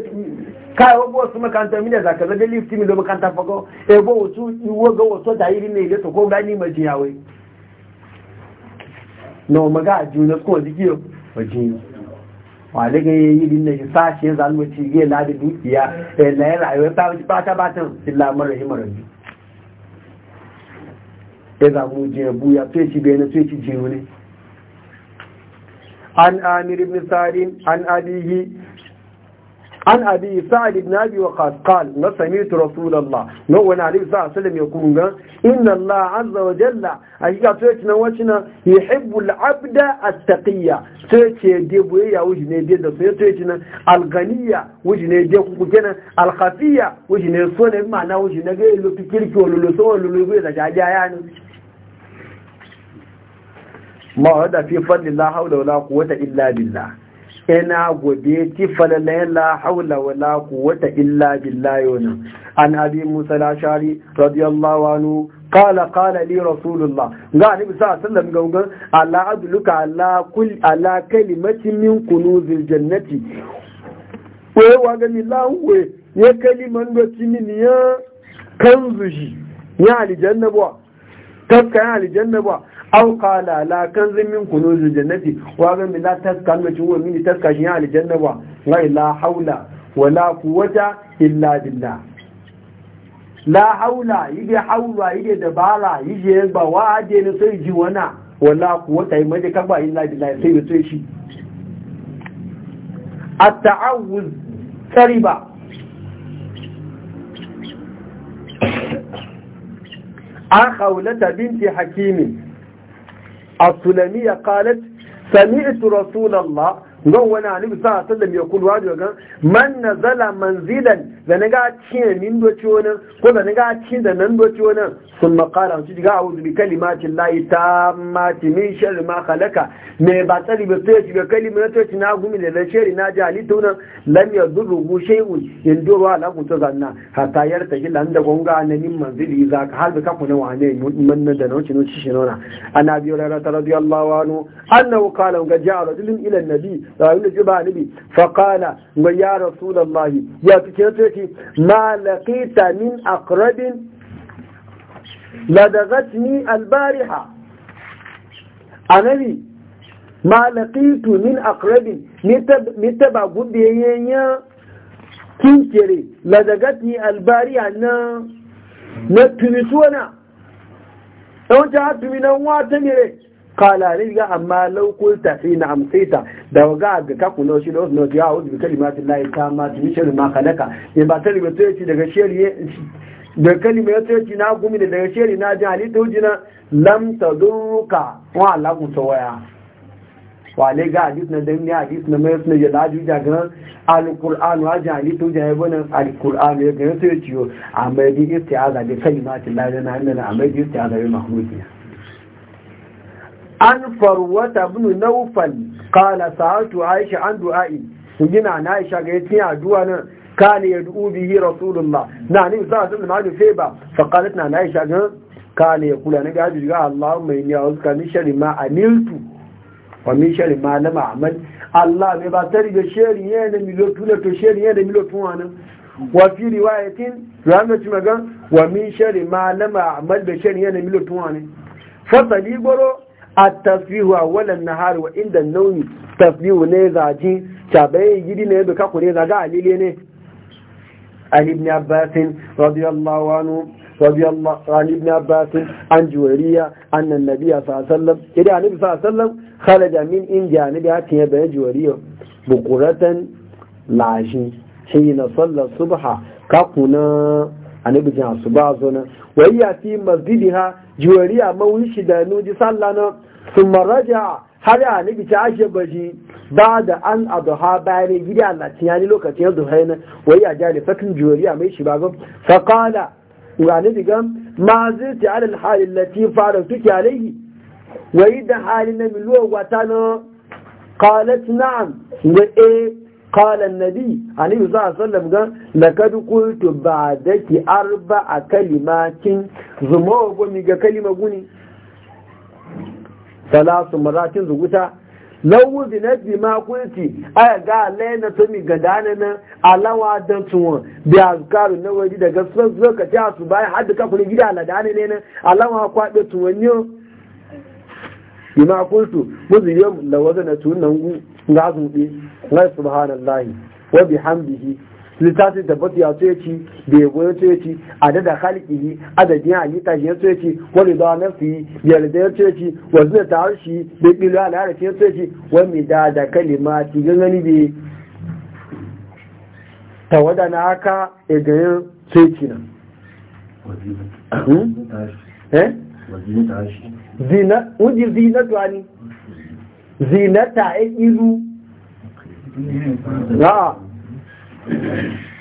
kai wa wasu makanta mi da zaka zabe lifti mi da makanta fako e bo wasu iwo ga wasu da iri ne to ko gani ma jiyawe no maga juna ko jiki yo majiyo wale ya yi din da sashe zan mu ci ge ladi dukiya eh na rayuwa ta ba ta ba ta sillamar rahimar rabbi eh za mu je buya be na an amir an an abi sa'ad ibn abi waqas qal na sami'tu rasulullah no wa na alaihi sallam ya kun ga inna allah azza wa jalla ajiga to yace nan wace yuhibbu al-abda at-taqiyya to de boye ya wuji ne de da to yace nan al-ghaniya wuji ne de ku kenan al-khafiyya wuji ne so ne ma'ana wuji ne ga lu fikirki wa lu so lu lu da jaja ya ne ma wada fi fadlillah hawla wala quwwata illa billah ina gobe ti falalai la haula wala quwwata illa billahi wa an abi musa al-ashari radiyallahu anhu qala qala li rasulullah ga ni sallallahu sallam wasallam ala adluka ala kul ala kalimatin min kunuzil jannati we wa ga mi lawe ya kaliman go timini ya kanzuji ya aljanna ba tafka ya aljanna ba aw qala la kanzin min kunuzil jannati wa ga min la taska no ci wa min taska shi ya aljanna wa la la haula wala quwwata illa billah la haula yige haula yige dabara yige ba wa de ne sai ji wana wala quwwata yi maje kaba illa billah sai yato shi at-ta'awuz tariba an khawlata binti hakimin السلمية قالت سمعت رسول الله قال وانا عليه الصلاة والسلام يقول واجه من نزل منزلا zane ga cin min doci wani ko zane ga cin da nan doci wani sun makara su shiga a wuzu bi kalimacin layi ta mati min shari ma halaka mai ba tsari ba su ya shiga na to na gumi da na shari na ji halitta wani lam ya zuru gushe wu in doro ala ku ta zanna hatta yar ta gila da gonga na min manzili za ka halbi ka kuna wane manna da nauci nauci shi nuna? ana biyo rarata radiyallahu anhu annahu qala ga ja'a rajulun ila rayu da ji ba nabi fa kala ga ya rasulullahi ya tuke ce ma laqita min aqrabin ladagatni albariha anabi ma laqitu min aqrabin ni taba gudiyayyen kinkere ladagatni albariha na na tumituna don ta tumi nan wata mere kala riga amma laukul tafi na da waga ga kaku na shirin wasu nauti ya wuce bi kalimatin layi ta ma shirin ma kalaka in ba ta riga ta yaci daga shirin da kalimar yaci na gumi da daga shirin na jin halitta lam ta wa alaƙun ta waya wale ga hadis na dan ne hadis na mai suna yala juja ga alquran wa jali to jaye na alquran ya ga sai ciyo amma bi istiaza da kalimatin la na illa na amma di istiaza bi mahmudiya an farwata bin naufal kala sa'atu aisha an du'a'i gina na aisha ga yatin addu'a nan ya du'u bihi rasulullah na ni za su ma da feba fa qalat na aisha ga Kane ya kula ni ga ji ga ni a a'udhuka min sharri ma amiltu wa min sharri ma na ma'amal allah mai ba tari da shari ne ne milotu lotu to shari ne da milotu wani wannan wa fi riwayatin rahmatu magan wa min shari ma na ma'amal da shari ne mi milotu wani Fasali goro atafihu a wannan na har wa inda nauyi tafihu ne zaji tabayin gidi ne duka ku ne zaga alile ne alibni abbasin radiyallahu anhu radiyallahu anhu alibni abbasin an juwariya annan nabiya sallallahu alaihi wasallam idan nabi sallallahu alaihi wasallam kala jamin india ne da tiye bayan juwariya bukuratan lashi shi na sallar subha ka kuna a nabi jan a zo nan وهي في مسجدها جواريا موش دانوج صلنا ثم رجع هل يعني بتعش بجي بعد أن أضحى بعدي جد على تياني لو كتير ضحينا وهي جالي فكن جواريا ميش بعقب فقال وعند ذكر ما زلت على الحال التي فارقتك عليه وإذا حالنا من لو قالت نعم وإيه Kala nabi Aliyu za a sallam ga na kadu kultu ba daki ki arba a kalima kin zuma wa gomi ga kalima guni. Salasu maratin zuguta, lauwu zinabi ma kulti aya ga laina to mi ga dana na alawa da tuwon bi azkaru na wadi da gaskan lokaci a su bayan hadda kafin gida na dana ne na alawa kwaɗe tuwon yau. Bi ma kultu, mu zuyo ga zuɓe na subhanallahi wa bihamdihi littafin tabbata ya so yaci da yabo ya so yaci adada khaliqihi adadin halitta ya so yaci wa rida nafsi yarda ya so yaci wa zina tarshi da bilu ala ya so yaci wa midada kalimati gangani bi tawada na aka e gayin so na wa hmm? eh? zina wa zina tuani zinata e iru na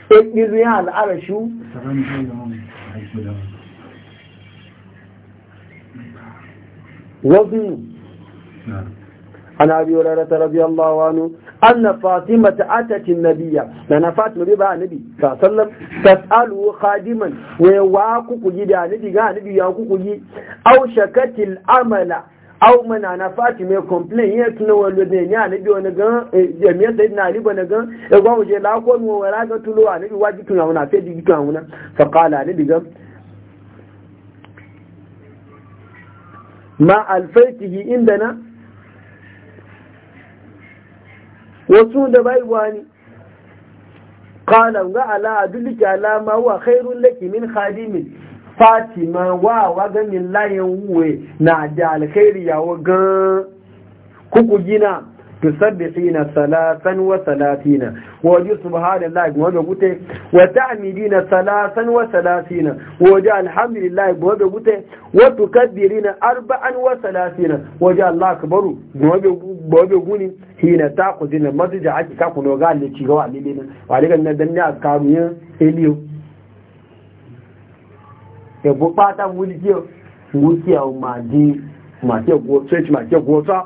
e iru ya al'arashu wazin an abi wadatar rabiyallahu wani anna fatima ta atakin nabiya na na fatima bai ba a nabi ta sallam ta tsalu khadiman wewa kukuli da nabi ga nabi ya kukuli au shakatil amala au mana na fati me complain ya tuna wani ne ni anabi wani gan jami'a eh, sai na ali bana gan ya gwa wuje la ko mu wala ga tulo anabi waji tuna wana sai di tuna wana fa qala anabi gan ma alfaitihi indana wasu da bai wani qala ga ala adulika ala ma huwa khairul laki min khadimin fatima wa wa ganin layin wuwe na da alkhairi wa gan kuku gina tusabbihina salasan wa salatina wa ji subhanallahi wa da gute wa na salasan wa salatina wa ji alhamdulillahi wa da gute wa na arba'an wa salatina wa ji Allah wa guni hina taqudina masjid aki ka kuno ga le ci ga wa wa daga nan dan ya karu yin eliyo ẹ̀bù pátá wúlí tí ó tí àwọn máa di màtíẹ̀gbọ́tá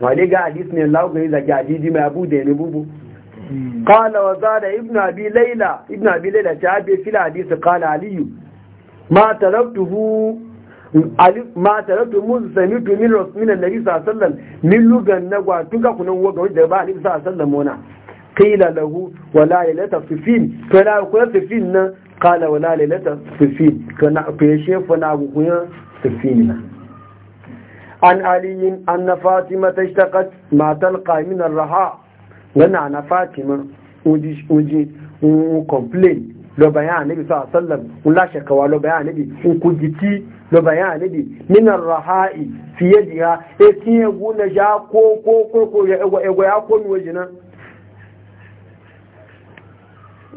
wàdé ga hadis ne zaki hadidi mai abu da ya nububu hmm. kala wa ibn abi ibn abi ta kala aliyu ma taraktuhu ma taraktu sallallahu alaihi wasallam min lugan nagwa tun ka kunan da ba annabi sallallahu alaihi wasallam mona qila lahu wala ya la tafsifin to la ku tafsifin nan kala wala lalata sufin kana shefa na gukuya sufin na an aliyin anna fatima ta ma talqa min ar-raha gana na fatima uji uji complain lo bayan annabi sallallahu alaihi wasallam lashe shakawa lo bayan annabi un kujiti lo bayan annabi min ar fi yadiha e kin yaguna ja ko ko ko ko ya ego ya ko ni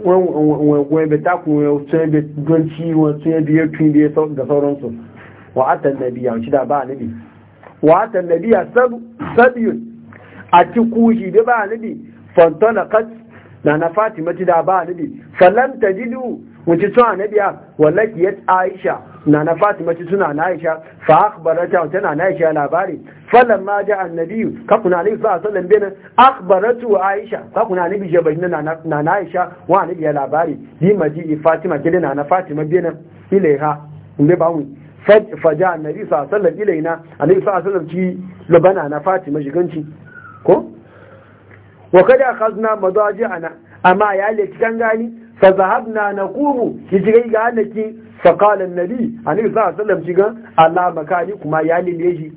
wani bai takun ya sun bai don ciwon sun biyar tun biyar da sauransu wa atan nabiya wacce da ba nabi wa atan nabiya sabiyun a ci kushi da ba nabi fantana kat na na fatima ci da ba nabi falanta jidu wacce suna biya. wallaki ya aisha na na fatima ci suna na aisha fa akbarata wacce na na aisha labari falan ma ja annabi ka kuna ne sa sallan bin akhbaratu aisha ka kuna ne bije bai na na aisha wa ne biya labari bi maji fatima kidin na fatima bin ilaiha inda ba mu faja annabi sa sallan ilaina annabi sa sallan ci labana na fatima shiganci ko wa kada akhazna madaji ana amma ya le cikan gani fa zahabna naqumu kijigai ga annabi fa qala annabi annabi sa sallan shigan Allah makani kuma ya lile shi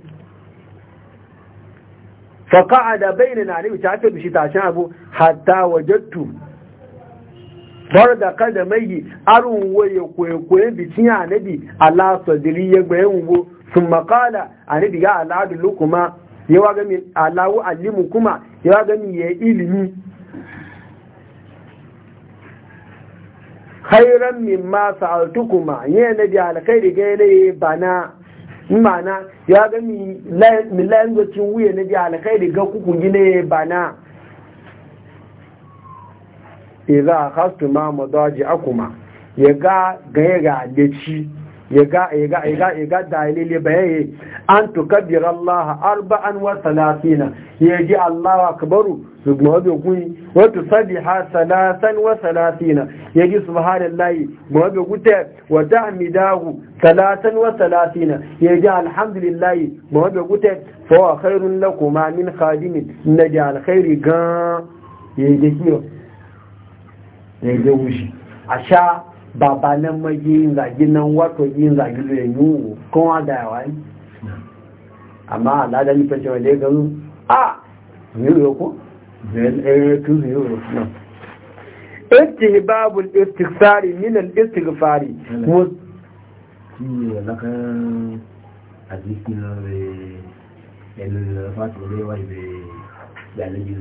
faƙa'ada bayanin na nufi ta bishi tashin abu hatta wajattu bar da kada mai arun waye kwaikwayen bikin anabi Allah sadiri ya gbaye wugo sun makala anabi ga al'adu lokuma yawa gami alawu alimu kuma yawa gami ya ilimi khairan mimma sa'altukuma yana da alkhairi ga yanayi bana mana ya ga mi langwacin wuya na da alkhairi ga kuku gine bana idza khastum ma ji akuma ya ga ga ya ga dace yaga yaga yaga yaga dalili bayaye an tukabbir Allah arba'an wa salatina yaji Allahu akbaru sugma bi kun wa tusabiha salatan wa salatina yaji subhanallahi ma bi gute wa tahmidahu salatan wa salatina yaji alhamdulillahi ma bi gute fa khairun lakuma min khadimin naji alkhairi ga yaji kiyo yaji wushi asha Baba bàbá náà mọ́ yí ìrìnàjí náà wọ́tọ̀ yí yi rẹ̀ yóò kán yi ní àmá àládá ní pẹ̀sẹ̀ ọ̀lẹ́ ya an ah yi kó ẹ̀rẹ́ tún zero náà yi ìbáàbù ìtìfàrí nínú ìtìfàrí wọ́n yi ọ̀lákan àdíkì náà rẹ̀ ẹ̀lẹ́lẹ́fà yi lẹ́wà ìbẹ̀rẹ̀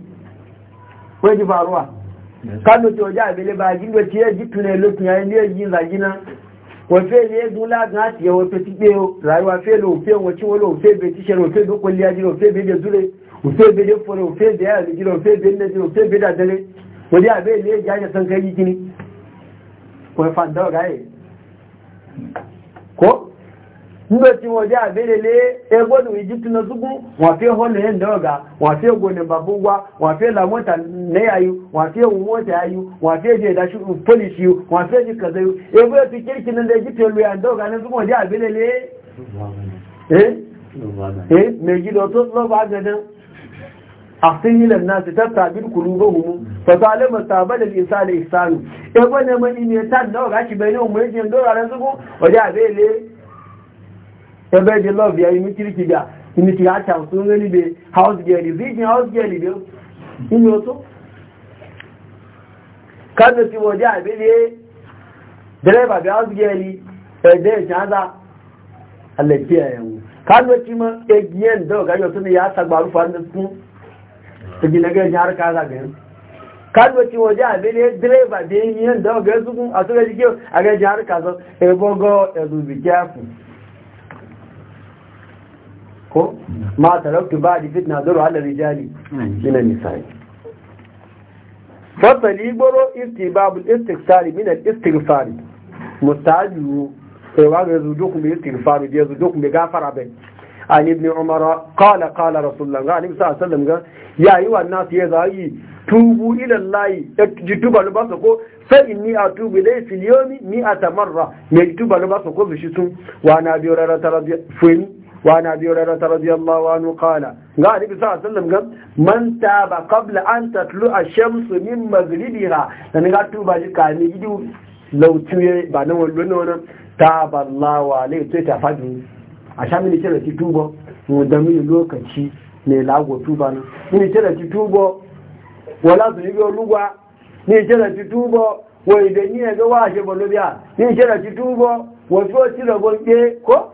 wọ́n ti faruwa kánú tí ọjọ́ àbílẹ̀ bá jí ló ti yẹ́ jí tún ẹlò tún ayé ní èyí ìlàjí kò fẹ́ ilé egun lágán àti ẹwọ́ tó ti pé o ràíwá fẹ́ lò fẹ́ wọn tí wọ́n lò fẹ́ bẹ tíṣẹ́ lò fẹ́ dókò lé ajílò fẹ́ bẹ dẹ̀dúrẹ́ òfẹ́ bẹ dé fọ́rẹ́ òfẹ́ bẹ àlejò lò bẹ nẹ́sẹ̀ òfẹ́ bẹ dàdẹ́lẹ́ kò dé àbẹ́ ilé ìjà ayẹ sankan yìí kini kò fà ń yìí nígbà tí wọ́n jẹ́ àbẹ́lẹ̀lẹ́ ẹgbọ́nù ìjíptì náà túnkún wọ́n fi hàn lẹ́yìn náà ga wọ́n fi ògbónì bàbú wá wọ́n fi làmọ́ta lẹ́yàyú wọ́n fi òun mọ́ta ayú wọ́n fi èdè ìdáṣù pólìṣì wọ́n fi èdè kàzẹ́ ẹgbẹ́ ti kéèkì náà ìjíptì olú àndọ́ga ní túnkún jẹ́ àbẹ́lẹ̀lẹ́ ẹ́ méjì lọ tó lọ́wọ́ agẹ́dán أحسن الناس تتعبير قلوبهم فتعلم استعبد الإنسان إحسانه إبنا من إن يتعب لو غاشي بينهم ويجي يندور على نفسه وجاء بيه ليه ebe de love ya imi kiriki ga acha so ngani be house girl vision haus girl be imi oto kabe ti wo ja be le driver be house girl e de chaza alle ti ayu kabe ti ma egien do ya sagbaru fa ndu kun e ti bi nage jar ka za be kabe ti wo ja be le driver be yin do ga su kun aso ga ji ke aga ko ma ba da fitna zuru ala rijali min an-nisa'i fatali boro istibab al-istighfar min al-istighfar mustaju sai e wa ga zuduku bi istighfar bi zuduku bi gafara bai an ibn umar qala qala rasulullah ga annabi sallallahu alaihi wasallam ya yi wannan sai zai tubu ila allah jituba ba ko sai inni atubu ilay fil yawmi mi'ata marra ne jituba ba ko shi sun wa na bi rara tarabi fu وعن أبي هريرة رضي الله عنه قال قال النبي صلى الله عليه وسلم قال من تاب قبل أن تطلع الشمس من مغربها لأن قال توبا كان يجي لو توي بعدين ولونا تاب الله عليه توي تفادي عشان من يصير توبا ودمي لوكشي ne lago tuba na ni tela titubo wala zulibi olugwa ni tela titubo wo ide ni ega wa se bolobia ni tela titubo wo so ti rogo gbe ko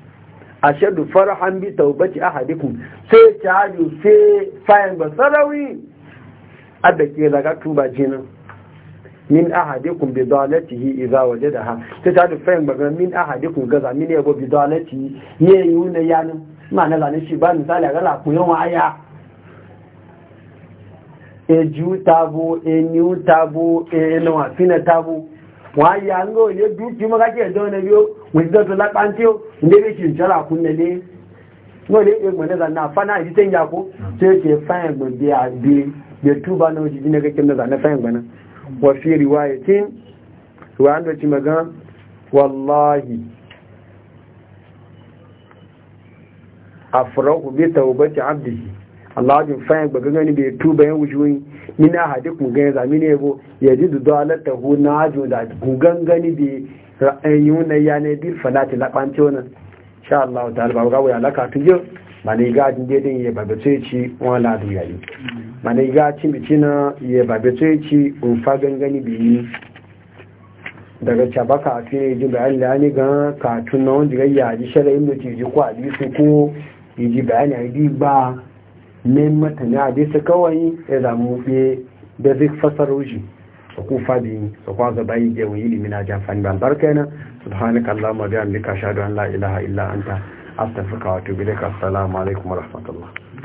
ashadu farahan bi taubati ahadikum sai caji sai fayin ba sarawi adda daga tuba jina min ahadikum bi dalatihi idza wajadaha sai caji fayin ba min ahadikum gaza min yabo bi dalatihi ne yuna yanin ma'ana zane shi ba misali ga la kuyan wa aya eju tabo enyu tabo enu afina tabo wa ya ngo le du ki mo ka ke na bi wanda da lakance inda ne ke jara kunne ne da lè gbẹ̀gbọ̀n lẹ́gbà náà fánà ìdíte ìyàkó tí ó ṣe fáyẹ̀ gbọ̀n a bí bí túbá náà jìdí ní gẹ́gẹ́ lẹ́gbà náà fáyẹ̀ gbọ̀n náà wọ́n fi ríwáyé tí wọ́n ti magan wallahi afiraku bi taubati abdihi allahajin fáyẹ̀ gbọ̀n gangan ni bai tuba yan wujuyin min ahadikun gangan zamini yabo yajidu na najun da gangani bai ra'ayin na ya ne bil falati la kwanto nan insha Allah ta'ala ba ga waya laka tujo mane ga din dedin ya babe ce ci wọn la du yayi mane ga cin bici na ya babe ce ci un fa gangani bi daga cabaka fi ji bayani da ni ga katun na wanda ya ji shari'in da ji ko hadisi ko ji bayani ai ba ne mata ne hadisi kawai ya zamu fi da zai fasaro shi sako fadi sako ga bayi je wani mina na jafan da albarka subhanakallah subhanaka allahumma bihamdika ashhadu an la ilaha illa anta astaghfiruka wa atubu ilaik assalamu alaikum wa rahmatullah